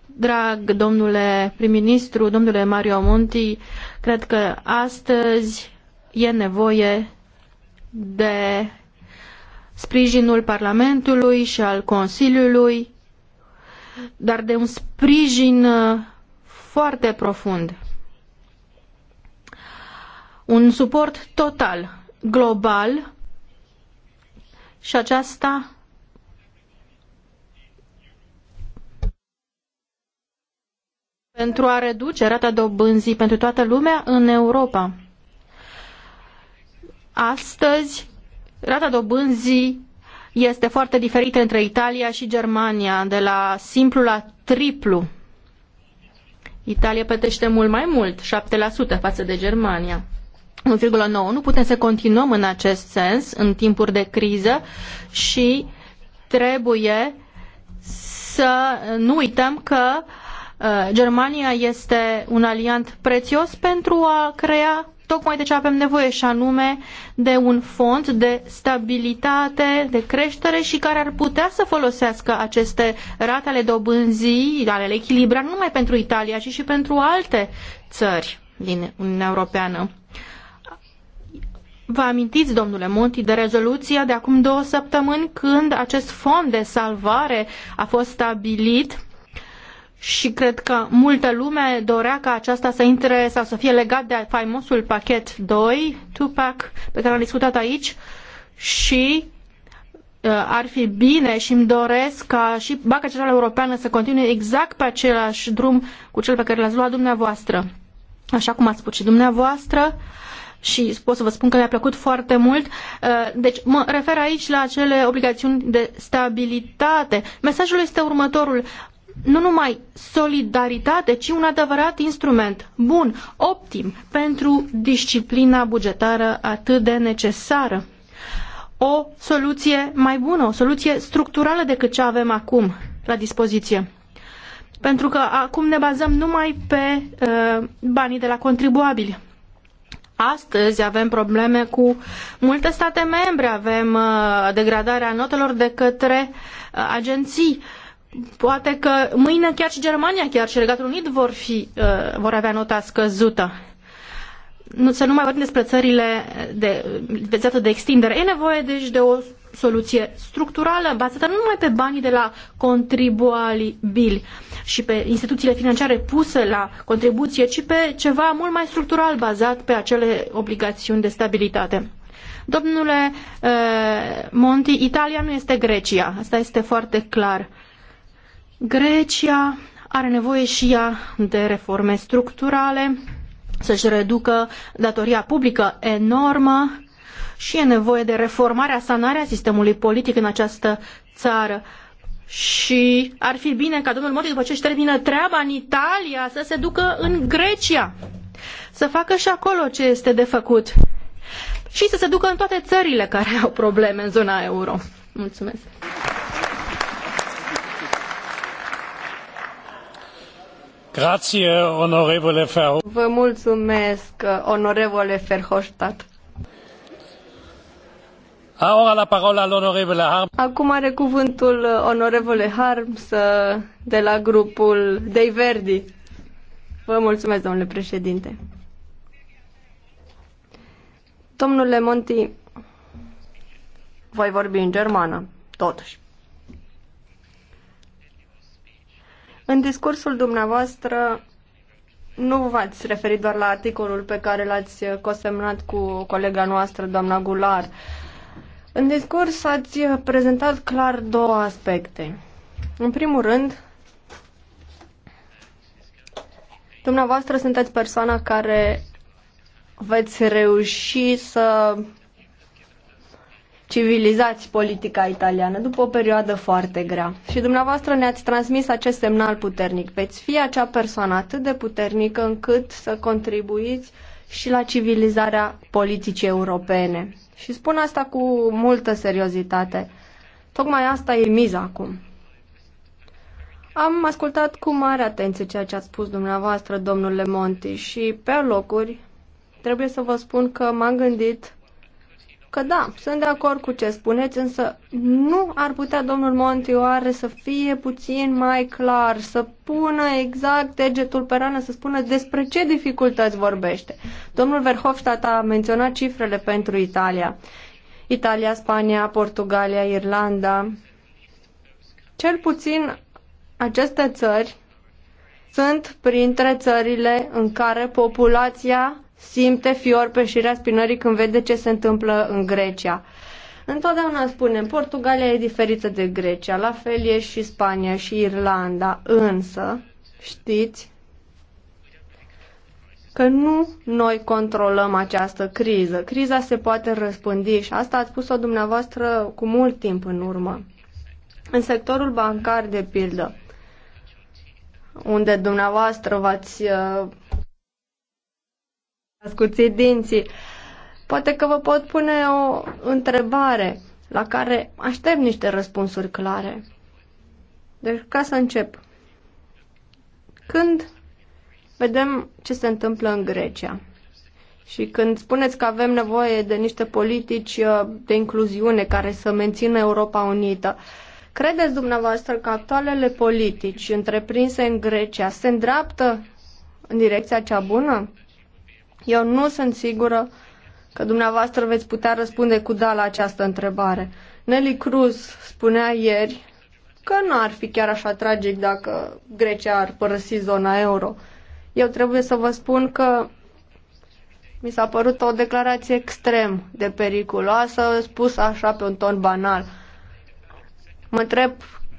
Drag domnule prim-ministru, domnule Mario Monti, cred că astăzi e nevoie de sprijinul Parlamentului și al Consiliului, dar de un sprijin uh, foarte profund un suport total, global și aceasta pentru a reduce rata dobânzii pentru toată lumea în Europa. Astăzi, rata dobânzii este foarte diferită între Italia și Germania, de la simplu la triplu. Italia plătește mult mai mult, 7% față de Germania. 1,9. Nu putem să continuăm în acest sens în timpuri de criză și trebuie să nu uităm că uh, Germania este un aliant prețios pentru a crea tocmai de ce avem nevoie și anume de un fond de stabilitate, de creștere și care ar putea să folosească aceste rate ale dobânzii, ale echilibra, nu numai pentru Italia, ci și pentru alte țări din Uniunea Europeană. Vă amintiți, domnule Monti, de rezoluția de acum două săptămâni când acest fond de salvare a fost stabilit și cred că multă lume dorea ca aceasta să intre sau să fie legat de faimosul pachet 2, Tupac, pe care am discutat aici și uh, ar fi bine și îmi doresc ca și Banca Centrală Europeană să continue exact pe același drum cu cel pe care l-ați luat dumneavoastră. Așa cum ați spus și dumneavoastră, uh, și pot să vă spun că mi-a plăcut foarte mult. Uh, deci mă refer aici la acele obligațiuni de stabilitate. Mesajul este următorul nu numai solidaritate, ci un adevărat instrument bun, optim pentru disciplina bugetară atât de necesară. O soluție mai bună, o soluție structurală decât ce avem acum la dispoziție. Pentru că acum ne bazăm numai pe uh, banii de la contribuabili. Astăzi avem probleme cu multe state membre, avem uh, degradarea notelor de către uh, agenții. Poate că mâine chiar și Germania, chiar și Regatul Unit vor, fi, uh, vor avea nota scăzută. Nu, să nu mai vorbim despre țările de, de, de extindere. E nevoie deci de o soluție structurală, bazată nu numai pe banii de la contribuabili și pe instituțiile financiare puse la contribuție, ci pe ceva mult mai structural bazat pe acele obligațiuni de stabilitate. Domnule uh, Monti, Italia nu este Grecia, asta este foarte clar. Grecia are nevoie și ea de reforme structurale, să-și reducă datoria publică enormă, și e nevoie de reformarea, sanarea sistemului politic în această țară. Și ar fi bine ca domnul Modi, după ce își termină treaba în Italia, să se ducă în Grecia, să facă și acolo ce este de făcut și să se ducă în toate țările care au probleme în zona euro. Mulțumesc! Grazie, onorevole Vă mulțumesc, onorevole Verhofstadt. Acum are cuvântul uh, onorevole Harms de la grupul Dei Verdi. Vă mulțumesc, domnule președinte. Domnule Monti, voi vorbi în germană, totuși. În discursul dumneavoastră nu v-ați referit doar la articolul pe care l-ați uh, cosemnat cu colega noastră, doamna Gular, uh, în discurs ați prezentat clar două aspecte. În primul rând, dumneavoastră sunteți persoana care veți reuși să civilizați politica italiană după o perioadă foarte grea. Și dumneavoastră ne-ați transmis acest semnal puternic. Veți fi acea persoană atât de puternică încât să contribuiți uh, și la civilizarea politicii europene. Și spun asta cu multă seriozitate. Tocmai asta e miza acum. Am ascultat cu mare atenție ceea ce ați spus dumneavoastră, domnule Monti, și pe locuri trebuie să vă spun că m-am gândit că da, sunt de acord cu ce spuneți, însă nu ar putea domnul Monti oare să fie puțin mai clar, să pună exact degetul pe rană, să spună despre ce dificultăți vorbește. Domnul Verhofstadt a menționat cifrele pentru Italia. Italia, Spania, Portugalia, Irlanda. Cel puțin aceste țări sunt printre țările în care populația simte fior pe șirea spinării când vede ce se întâmplă în Grecia. Întotdeauna spunem, Portugalia e diferită de Grecia, la fel e și Spania și Irlanda, însă știți că nu noi controlăm această criză. Criza se poate răspândi și asta ați spus-o dumneavoastră cu mult timp în urmă. În sectorul bancar, de pildă, unde dumneavoastră v-ați uh, scuții dinții. Poate că vă pot pune o întrebare la care aștept niște răspunsuri clare. Deci, ca să încep. Când vedem ce se întâmplă în Grecia și când spuneți că avem nevoie de niște politici uh, de incluziune care să mențină Europa Unită, credeți dumneavoastră că actualele politici întreprinse în Grecia se îndreaptă în direcția cea bună? Eu nu sunt sigură că dumneavoastră veți putea răspunde cu da la această întrebare. Nelly Cruz spunea ieri că nu ar fi chiar așa tragic dacă Grecia ar părăsi zona euro. Eu trebuie să vă spun că mi s-a părut o declarație extrem de periculoasă, spusă așa pe un ton banal. Mă întreb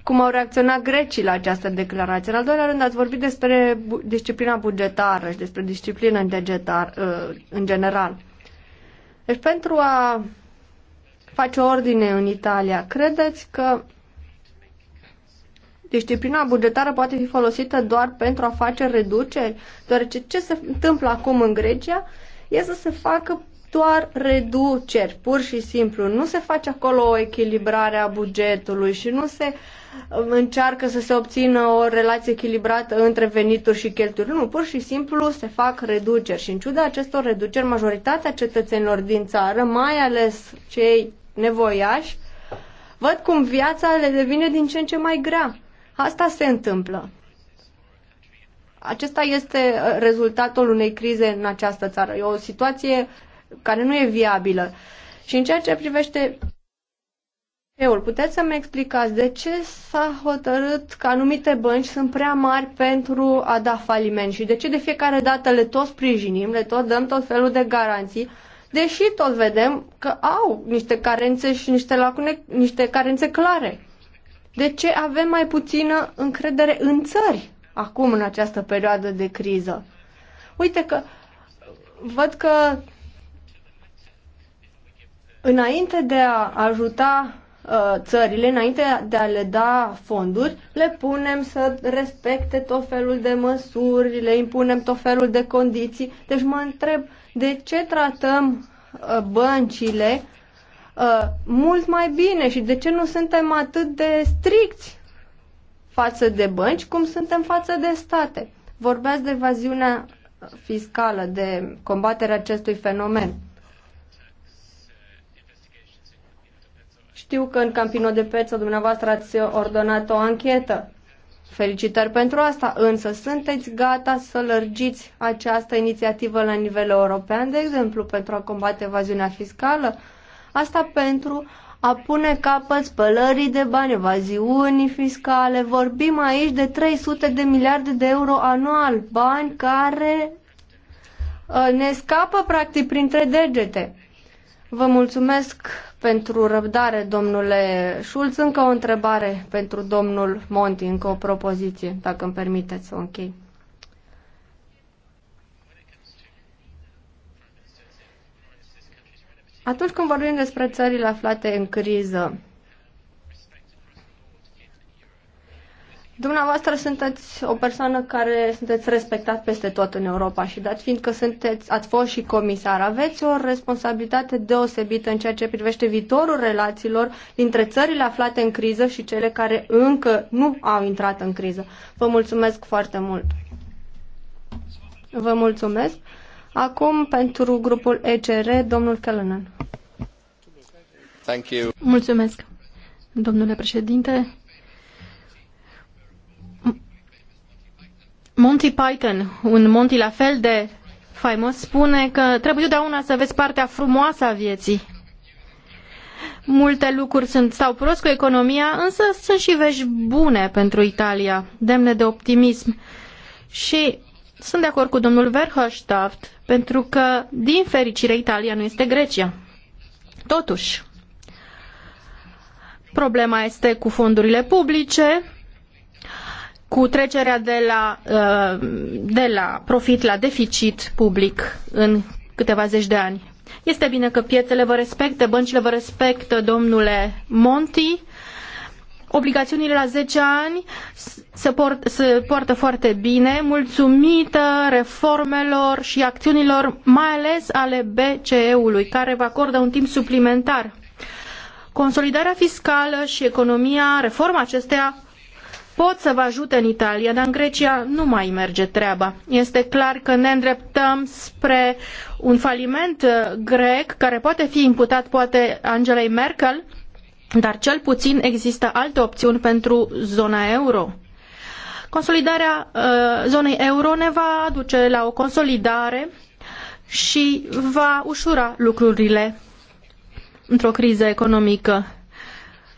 cum au reacționat grecii la această declarație. În al doilea rând, ați vorbit despre disciplina bugetară și despre disciplina în, degetar, ă, în general. Deci pentru a face ordine în Italia, credeți că disciplina bugetară poate fi folosită doar pentru a face reduceri? Deoarece ce se întâmplă acum în Grecia e să se facă doar reduceri, pur și simplu. Nu se face acolo o echilibrare a bugetului și nu se uh, încearcă să se obțină o relație echilibrată între venituri și cheltuieli. Nu, pur și simplu se fac reduceri și în ciuda acestor reduceri, majoritatea cetățenilor din țară, mai ales cei nevoiași, văd cum viața le devine din ce în ce mai grea. Asta se întâmplă. Acesta este uh, rezultatul unei crize în această țară. E o situație care nu e viabilă. Și în ceea ce privește eu, puteți să-mi explicați de ce s-a hotărât că anumite bănci sunt prea mari pentru a da faliment și de ce de fiecare dată le tot sprijinim, le tot dăm tot felul de garanții, deși tot vedem că au niște carențe și niște lacune, niște carențe clare. De ce avem mai puțină încredere în țări acum, în această perioadă de criză? Uite că văd că înainte de a ajuta Uh, țările, înainte de a le da fonduri, le punem să respecte tot felul de măsuri, le impunem tot felul de condiții. Deci mă întreb de ce tratăm uh, băncile uh, mult mai bine și de ce nu suntem atât de stricți față de bănci cum suntem față de state. Vorbeați de evaziunea fiscală, de combaterea acestui fenomen. Știu că în Campino de Peță dumneavoastră ați ordonat o anchetă. Felicitări pentru asta, însă sunteți gata să lărgiți această inițiativă la nivel european, de exemplu, pentru a combate evaziunea fiscală? Asta pentru a pune capăt spălării de bani, evaziunii fiscale. Vorbim aici de 300 de miliarde de euro anual, bani care uh, ne scapă practic printre degete. Vă mulțumesc pentru răbdare, domnule Schulz. Încă o întrebare pentru domnul Monti, încă o propoziție, dacă îmi permiteți să o închei. Atunci când vorbim despre țările aflate în criză, Dumneavoastră sunteți o persoană care sunteți respectat peste tot în Europa și dat fiind că sunteți, ați fost și comisar, aveți o responsabilitate deosebită în ceea ce privește viitorul relațiilor dintre țările aflate în criză și cele care încă nu au intrat în criză. Vă mulțumesc foarte mult! Vă mulțumesc! Acum, pentru grupul ECR, domnul Kellenen. Mulțumesc, domnule președinte, Monty Python, un Monty la fel de faimos, spune că trebuie totdeauna să vezi partea frumoasă a vieții. Multe lucruri sunt, stau prost cu economia, însă sunt și vești bune pentru Italia, demne de optimism. Și sunt de acord cu domnul Verhofstadt, pentru că, din fericire, Italia nu este Grecia. Totuși, problema este cu fondurile publice, cu trecerea de la, uh, de la profit la deficit public în câteva zeci de ani. Este bine că piețele vă respectă, băncile vă respectă, domnule Monti. Obligațiunile la zece ani se, port, se poartă foarte bine, mulțumită reformelor și acțiunilor, mai ales ale BCE-ului, care vă acordă un timp suplimentar. Consolidarea fiscală și economia, reforma acesteia pot să vă ajute în Italia, dar în Grecia nu mai merge treaba. Este clar că ne îndreptăm spre un faliment uh, grec care poate fi imputat poate Angelei Merkel, dar cel puțin există alte opțiuni pentru zona euro. Consolidarea uh, zonei euro ne va aduce la o consolidare și va ușura lucrurile într-o criză economică.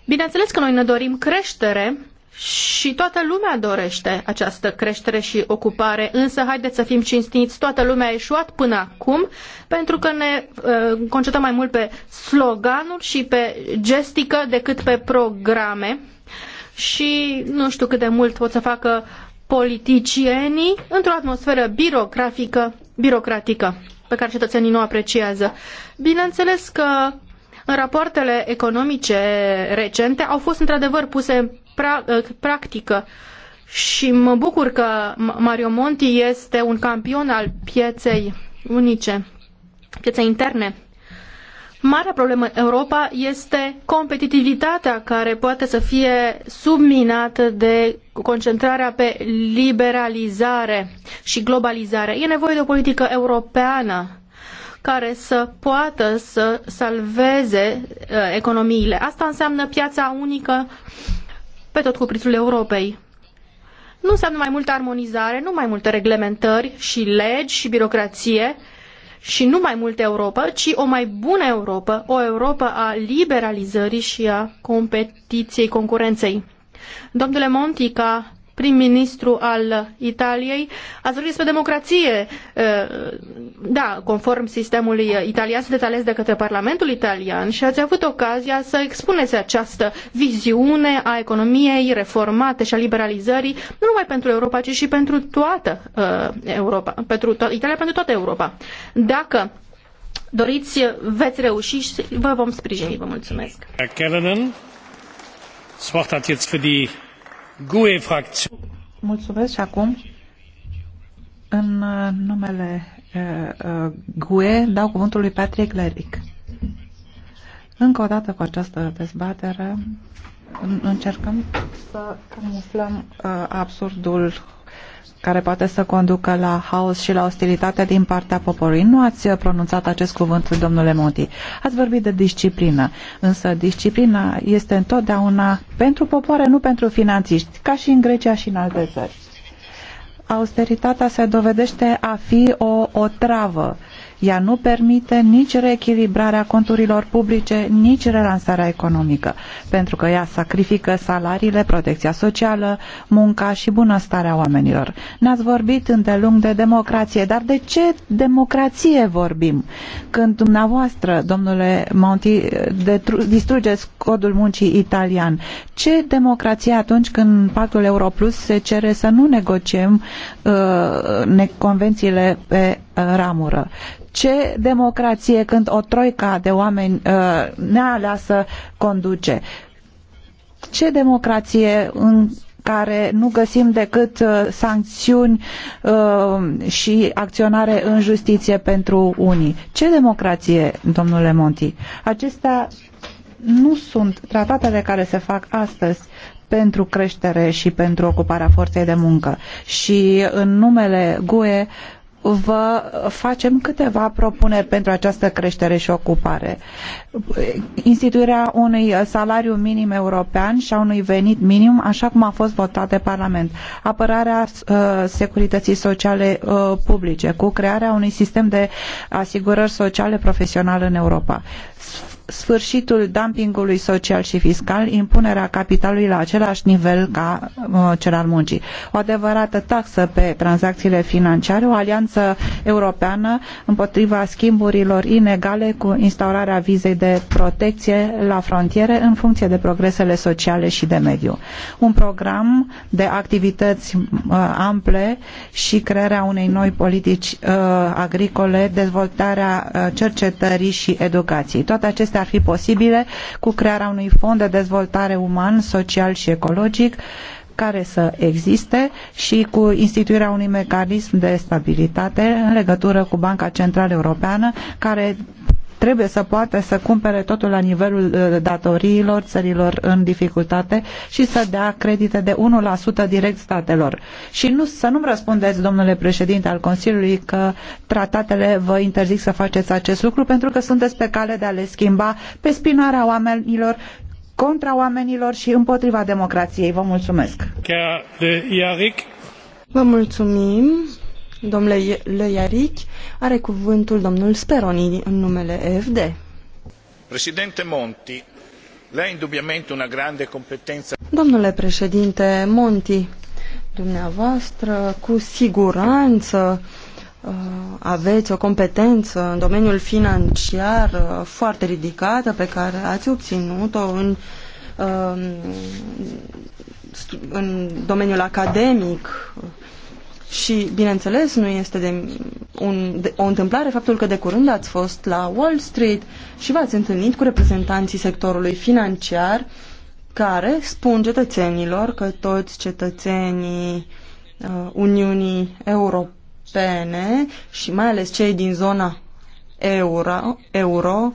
Bineînțeles că noi ne dorim creștere, și toată lumea dorește această creștere și ocupare, însă haideți să fim cinstiți, toată lumea a eșuat până acum pentru că ne uh, concentrăm mai mult pe sloganuri și pe gestică decât pe programe și nu știu cât de mult pot să facă politicienii într-o atmosferă birocratică, birocratică pe care cetățenii nu apreciază. Bineînțeles că în rapoartele economice recente au fost într-adevăr puse pra uh, practică. Și mă bucur că Mario Monti este un campion al pieței unice, pieței interne. Marea problemă în Europa este competitivitatea care poate să fie subminată de concentrarea pe liberalizare și globalizare. E nevoie de o politică europeană care să poată să salveze uh, economiile. Asta înseamnă piața unică pe tot cuprinsul Europei. Nu înseamnă mai multă armonizare, nu mai multe reglementări și legi și birocrație și nu mai multă Europa, ci o mai bună Europa, o Europa a liberalizării și a competiției, concurenței. Domnule Monti, ca prim-ministru al Italiei. Ați vorbit despre democrație. Da, conform sistemului italian, sunteți ales de către Parlamentul italian și ați avut ocazia să expuneți această viziune a economiei reformate și a liberalizării, nu numai pentru Europa, ci și pentru toată Europa, pentru to- Italia, pentru toată Europa. Dacă doriți, veți reuși și vă vom sprijini. Vă mulțumesc. Herr Kellenen, das Wort hat jetzt für die GUE fracție. Mulțumesc și acum în uh, numele uh, uh, GUE dau cuvântul lui Patrick Leric. Încă o dată cu această dezbatere încercăm să camuflăm uh, absurdul care poate să conducă la haos și la ostilitate din partea poporului. Nu ați pronunțat acest cuvânt, domnule Monti. Ați vorbit de disciplină, însă disciplina este întotdeauna pentru popoare, nu pentru finanțiști, ca și în Grecia și în alte țări. Austeritatea se dovedește a fi o, o travă ea nu permite nici reechilibrarea conturilor publice, nici relansarea economică, pentru că ea sacrifică salariile, protecția socială, munca și bunăstarea oamenilor. Ne-ați vorbit îndelung de democrație, dar de ce democrație vorbim? Când dumneavoastră, domnule Monti, distrugeți codul muncii italian, ce democrație atunci când pactul Europlus se cere să nu negociem uh, convențiile pe Uh, ramură. Ce democrație când o troica de oameni uh, nealeasă conduce? Ce democrație în care nu găsim decât uh, sancțiuni și acționare în justiție pentru unii. Ce democrație, domnule Monti? Acestea nu sunt tratatele care se fac astăzi pentru creștere și pentru ocuparea forței de muncă. Și în numele GUE vă facem câteva propuneri pentru această creștere și ocupare. Instituirea unui salariu minim european și a unui venit minim, așa cum a fost votat de Parlament. Apărarea uh, securității sociale uh, publice, cu crearea unui sistem de asigurări sociale profesionale în Europa sfârșitul dumpingului social și fiscal, impunerea capitalului la același nivel ca uh, cel al muncii. O adevărată taxă pe tranzacțiile financiare, o alianță europeană împotriva schimburilor inegale cu instaurarea vizei de protecție la frontiere în funcție de progresele sociale și de mediu. Un program de activități uh, ample și crearea unei noi politici uh, agricole, dezvoltarea uh, cercetării și educației toate acestea ar fi posibile cu crearea unui fond de dezvoltare uman, social și ecologic care să existe și cu instituirea unui mecanism de stabilitate în legătură cu Banca Centrală Europeană care trebuie să poată să cumpere totul la nivelul uh, datoriilor țărilor în dificultate și să dea credite de 1% direct statelor. Și nu, să nu-mi răspundeți, domnule președinte al Consiliului, că tratatele vă interzic să faceți acest lucru pentru că sunteți pe cale de a le schimba pe spinarea oamenilor contra oamenilor și împotriva democrației. Vă mulțumesc! Vă mulțumim! Domnule Leiaric, are cuvântul domnul Speroni în numele EFD. Președinte Monti, le indubbiamente una grande competență. Domnule președinte Monti, dumneavoastră cu siguranță uh, aveți o competență în domeniul financiar uh, foarte ridicată pe care ați obținut-o în, uh, în domeniul academic și, bineînțeles, nu este de un, de, o întâmplare faptul că de curând ați fost la Wall Street și v-ați întâlnit cu reprezentanții sectorului financiar care spun cetățenilor că toți cetățenii uh, Uniunii Europene și mai ales cei din zona euro, euro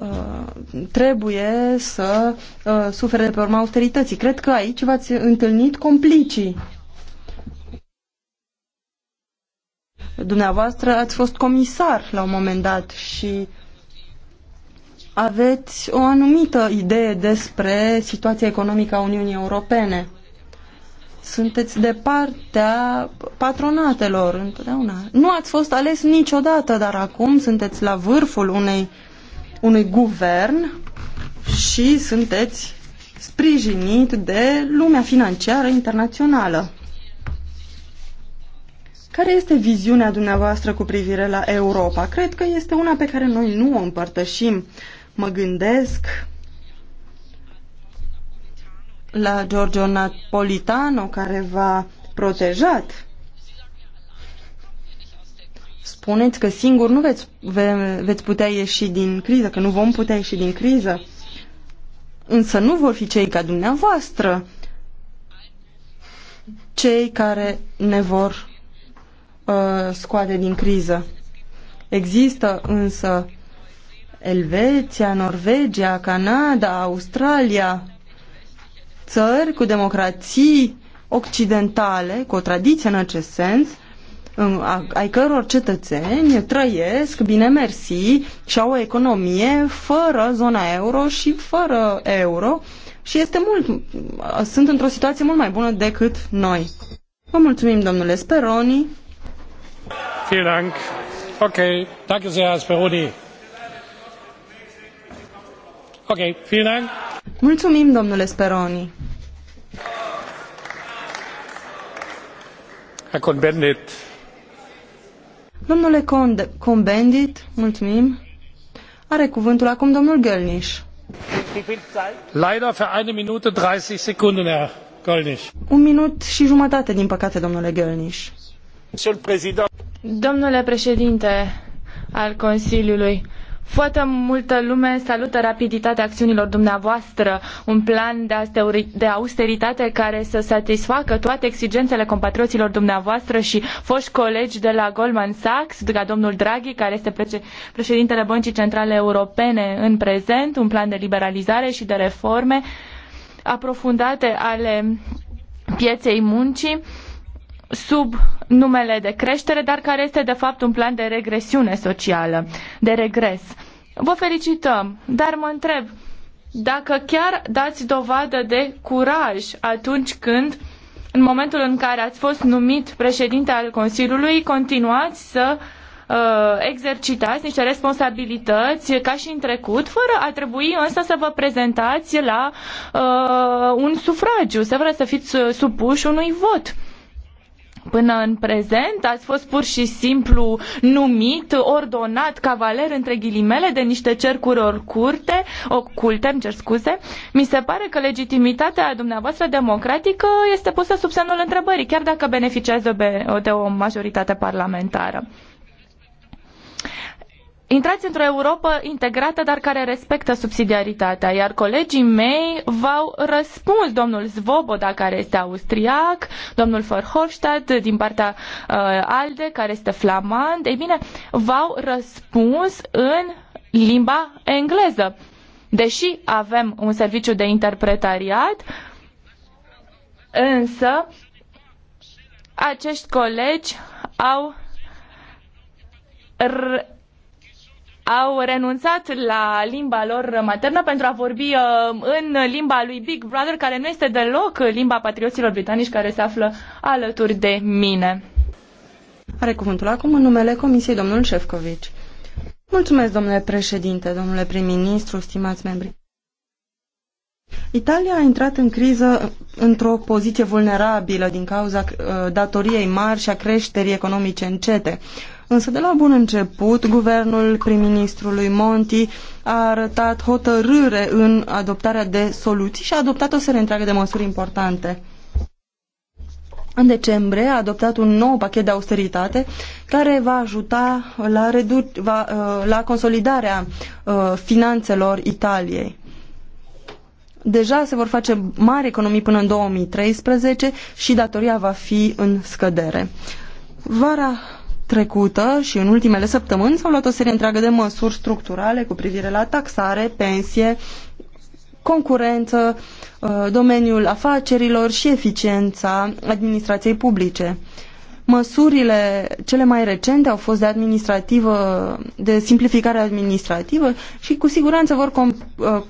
uh, trebuie să uh, sufere de pe urma austerității. Cred că aici v-ați întâlnit complicii. Dumneavoastră ați fost comisar la un moment dat și aveți o anumită idee despre situația economică a Uniunii Europene. Sunteți de partea patronatelor întotdeauna. Nu ați fost ales niciodată, dar acum sunteți la vârful unei, unui guvern și sunteți sprijinit de lumea financiară internațională. Care este viziunea dumneavoastră cu privire la Europa? Cred că este una pe care noi nu o împărtășim. Mă gândesc la Giorgio Napolitano care v-a protejat. Spuneți că singur nu veți, ve, veți putea ieși din criză, că nu vom putea ieși din criză. Însă nu vor fi cei ca dumneavoastră cei care ne vor Uh, scoate din criză. Există însă Elveția, Norvegia, Canada, Australia, țări cu democrații occidentale, cu o tradiție în acest sens, ai căror cetățeni trăiesc bine mersi și au o economie fără zona euro și fără euro și este mult, sunt într-o situație mult mai bună decât noi. Vă mulțumim, domnule Speroni. Mulțumim, domnule Speroni. Cohn-Bendit. Domnule Cohn-Bendit, mulțumim. Are cuvântul acum domnul Gölnisch. Leider für eine Minute 30 Sekunden, Herr Gölnisch. Un minut și jumătate, din păcate, domnule Gölnisch. Monsieur le Président, Domnule președinte al Consiliului, foarte multă lume salută rapiditatea acțiunilor dumneavoastră, un plan de austeritate care să satisfacă toate exigențele compatrioților dumneavoastră și foști colegi de la Goldman Sachs, de la domnul Draghi, care este președintele Băncii Centrale Europene în prezent, un plan de liberalizare și de reforme aprofundate ale pieței muncii sub numele de creștere, dar care este de fapt un plan de regresiune socială, de regres. Vă felicităm, dar mă întreb dacă chiar dați dovadă de curaj atunci când, în momentul în care ați fost numit președinte al Consiliului, continuați să uh, exercitați niște responsabilități ca și în trecut, fără a trebui însă să vă prezentați la uh, un sufragiu, să vreți să fiți uh, supuși unui vot. Până în prezent ați fost pur și simplu numit, ordonat cavaler între ghilimele de niște cercuri orcurte, oculte, îmi cer scuze. Mi se pare că legitimitatea dumneavoastră democratică este pusă sub semnul întrebării, chiar dacă beneficiază de o majoritate parlamentară. Intrați într-o Europa integrată, dar care respectă subsidiaritatea, iar colegii mei v-au răspuns, domnul Zvoboda, care este austriac, domnul Verhofstadt din partea uh, ALDE, care este flamand, ei bine, v-au răspuns în limba engleză. Deși avem un serviciu de interpretariat, însă acești colegi au au renunțat la limba lor maternă pentru a vorbi uh, în limba lui Big Brother, care nu este deloc limba patrioților britanici care se află alături de mine. Are cuvântul acum în numele Comisiei domnul Șefcovici. Mulțumesc, domnule președinte, domnule prim-ministru, stimați membri. Italia a intrat în criză într-o poziție vulnerabilă din cauza uh, datoriei mari și a creșterii economice încete. Însă de la bun început, guvernul prim-ministrului Monti a arătat hotărâre în adoptarea de soluții și a adoptat o serie întreagă de măsuri importante. În decembrie a adoptat un nou pachet de austeritate care va ajuta la, redu- va, uh, la consolidarea uh, finanțelor Italiei. Deja se vor face mari economii până în 2013 și datoria va fi în scădere. Vara trecută și în ultimele săptămâni s-au luat o serie întreagă de măsuri structurale cu privire la taxare, pensie, concurență, uh, domeniul afacerilor și eficiența administrației publice. Măsurile cele mai recente au fost de, administrativă, de simplificare administrativă și cu siguranță vor uh, uh,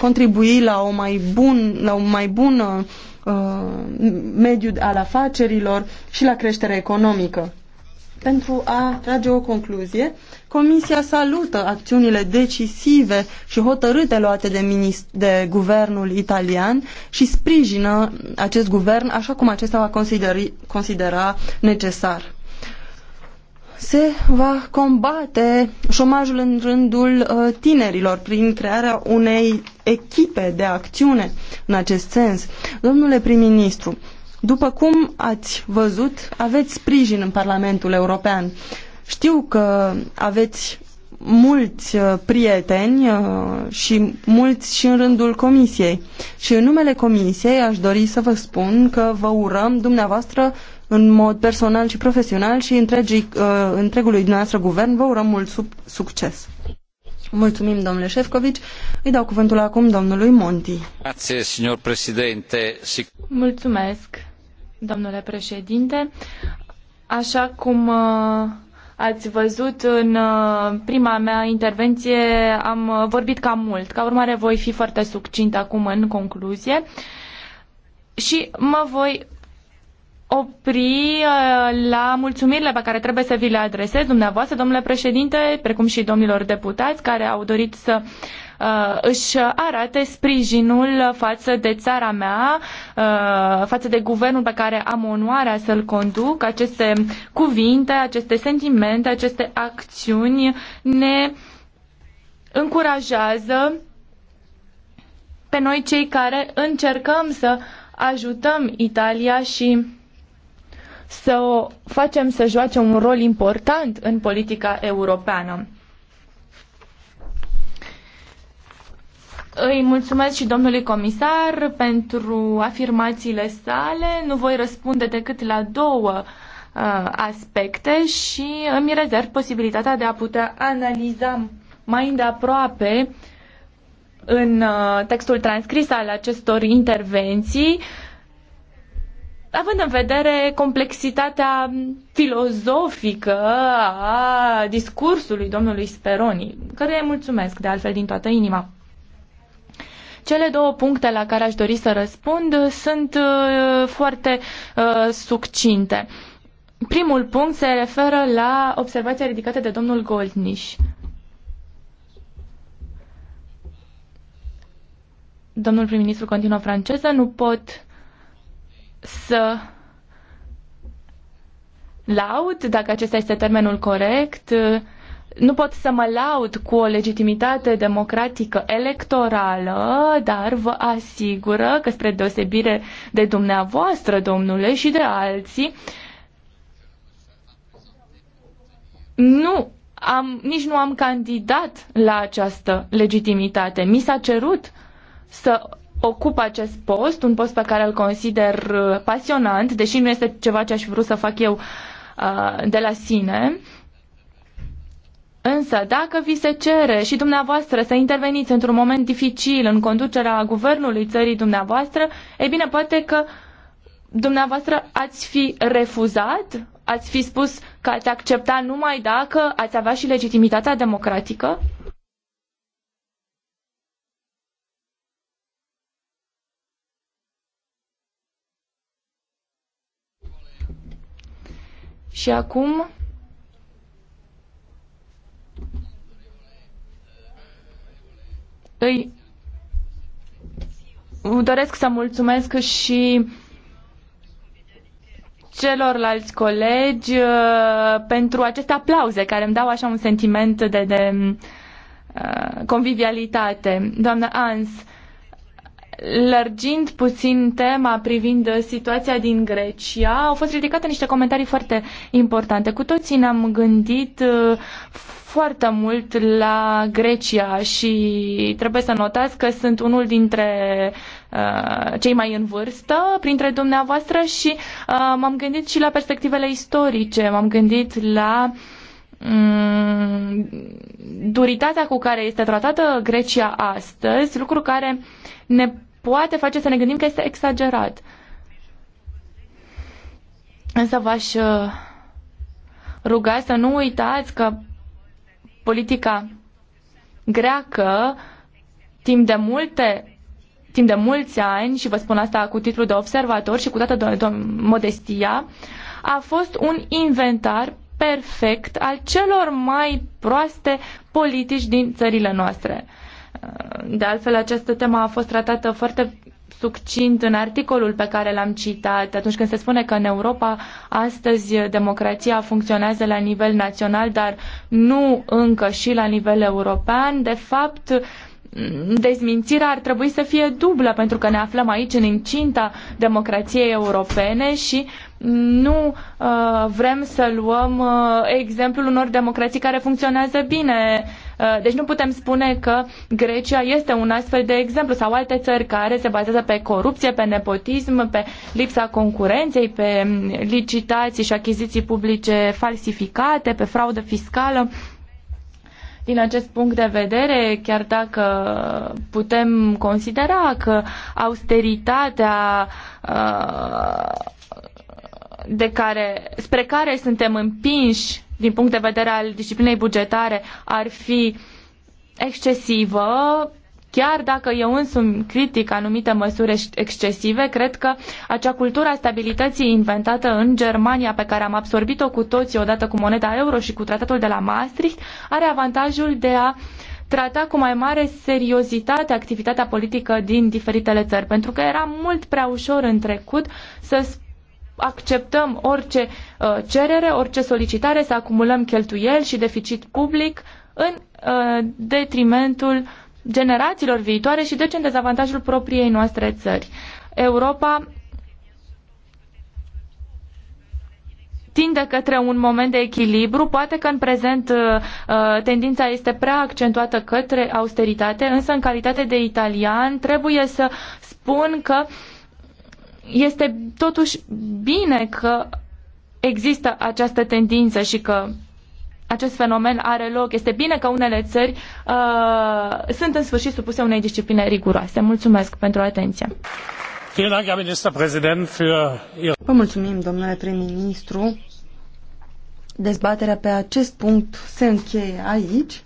contribui la, o mai bun, la un mai bun mediu al afacerilor și la creștere economică. Pentru a trage o concluzie, Comisia salută acțiunile decisive și hotărâte luate de, de guvernul italian și sprijină acest guvern așa cum acesta va consideri, considera necesar. Se va combate șomajul în rândul uh, tinerilor prin crearea unei echipe de acțiune în acest sens. Domnule prim-ministru, după cum ați văzut, aveți sprijin în Parlamentul European. Știu că aveți mulți uh, prieteni uh, și mulți și în rândul comisiei. Și în numele comisiei aș dori să vă spun că vă urăm dumneavoastră în mod personal și profesional și întregii, uh, întregului dumneavoastră guvern vă urăm mult sub, succes. Mulțumim, domnule Șefcovici. Îi dau cuvântul acum domnului Monti. Mulțumesc domnule președinte. Așa cum uh, ați văzut în uh, prima mea intervenție, am uh, vorbit cam mult. Ca urmare, voi fi foarte succint acum în concluzie și mă voi opri la mulțumirile pe care trebuie să vi le adresez dumneavoastră, domnule președinte, precum și domnilor deputați care au dorit să Uh, își arate sprijinul față de țara mea, uh, față de guvernul pe care am onoarea să-l conduc. Aceste cuvinte, aceste sentimente, aceste acțiuni ne încurajează pe noi cei care încercăm să ajutăm Italia și să o facem să joace un rol important în politica europeană. Îi mulțumesc și domnului comisar pentru afirmațiile sale. Nu voi răspunde decât la două uh, aspecte și îmi rezerv posibilitatea de a putea analiza mai îndeaproape în uh, textul transcris al acestor intervenții, având în vedere complexitatea filozofică a discursului domnului Speroni, care mulțumesc de altfel din toată inima. Cele două puncte la care aș dori să răspund sunt uh, foarte uh, succinte. Primul punct se referă la observația ridicată de domnul Goldniș. Domnul prim-ministru continuă franceză, nu pot să laud, dacă acesta este termenul corect, uh, nu pot să mă laud cu o legitimitate democratică electorală, dar vă asigură că spre deosebire de dumneavoastră, domnule, și de alții, nu am, nici nu am candidat la această legitimitate. Mi s-a cerut să ocup acest post, un post pe care îl consider uh, pasionant, deși nu este ceva ce aș vrea să fac eu uh, de la sine. Uh, Însă, dacă vi se cere și dumneavoastră să interveniți într-un moment dificil în conducerea guvernului țării dumneavoastră, e bine, poate că dumneavoastră ați fi refuzat, ați fi spus că ați accepta numai dacă ați avea și legitimitatea democratică? Și acum îi doresc să mulțumesc și celorlalți colegi uh, pentru aceste aplauze care îmi dau așa un sentiment de, de uh, convivialitate. Doamna Ans, lărgind puțin tema privind situația din Grecia, au fost ridicate niște comentarii foarte importante. Cu toții ne-am gândit uh, foarte mult la Grecia și trebuie să notați că sunt unul dintre uh, cei mai în vârstă printre dumneavoastră și uh, m-am gândit și la perspectivele istorice, m-am gândit la mm, duritatea cu care este tratată Grecia astăzi, lucru care ne poate face să ne gândim că este exagerat. Însă v-aș uh, ruga să nu uitați că politica greacă timp de multe timp de mulți ani, și vă spun asta cu titlul de observator și cu toată modestia, a fost un inventar perfect al celor mai proaste politici din țările noastre. De altfel, această temă a fost tratată foarte succint în articolul pe care l-am citat, atunci când se spune că în Europa astăzi democrația funcționează la nivel național, dar nu încă și la nivel european, de fapt dezmințirea ar trebui să fie dublă, pentru că ne aflăm aici în incinta democrației europene și nu uh, vrem să luăm uh, exemplul unor democrații care funcționează bine. Uh, deci nu putem spune că Grecia este un astfel de exemplu sau alte țări care se bazează pe corupție, pe nepotism, pe lipsa concurenței, pe licitații și achiziții publice falsificate, pe fraudă fiscală. Uh, din acest punct de vedere, chiar dacă putem considera că austeritatea uh, de care, spre care suntem împinși din punct de vedere al disciplinei bugetare ar fi excesivă, Chiar dacă eu însumi critic anumite măsuri excesive, cred că acea cultură a stabilității inventată în Germania, pe care am absorbit-o cu toții odată cu moneda euro și cu tratatul de la Maastricht, are avantajul de a trata cu mai mare seriozitate activitatea politică din diferitele țări, pentru că era mult prea ușor în trecut să acceptăm orice uh, cerere, orice solicitare, să acumulăm cheltuieli și deficit public în uh, detrimentul generațiilor viitoare și deci în dezavantajul propriei noastre țări. Europa tinde către un moment de echilibru. Poate că în prezent uh, uh, tendința este prea accentuată către austeritate, însă în calitate de italian trebuie să spun că este totuși bine că există această tendință și că acest fenomen are loc. Este bine că unele țări uh, sunt în sfârșit supuse unei discipline riguroase. Mulțumesc pentru atenție. Vă mulțumim, domnule prim-ministru. Dezbaterea pe acest punct se încheie aici.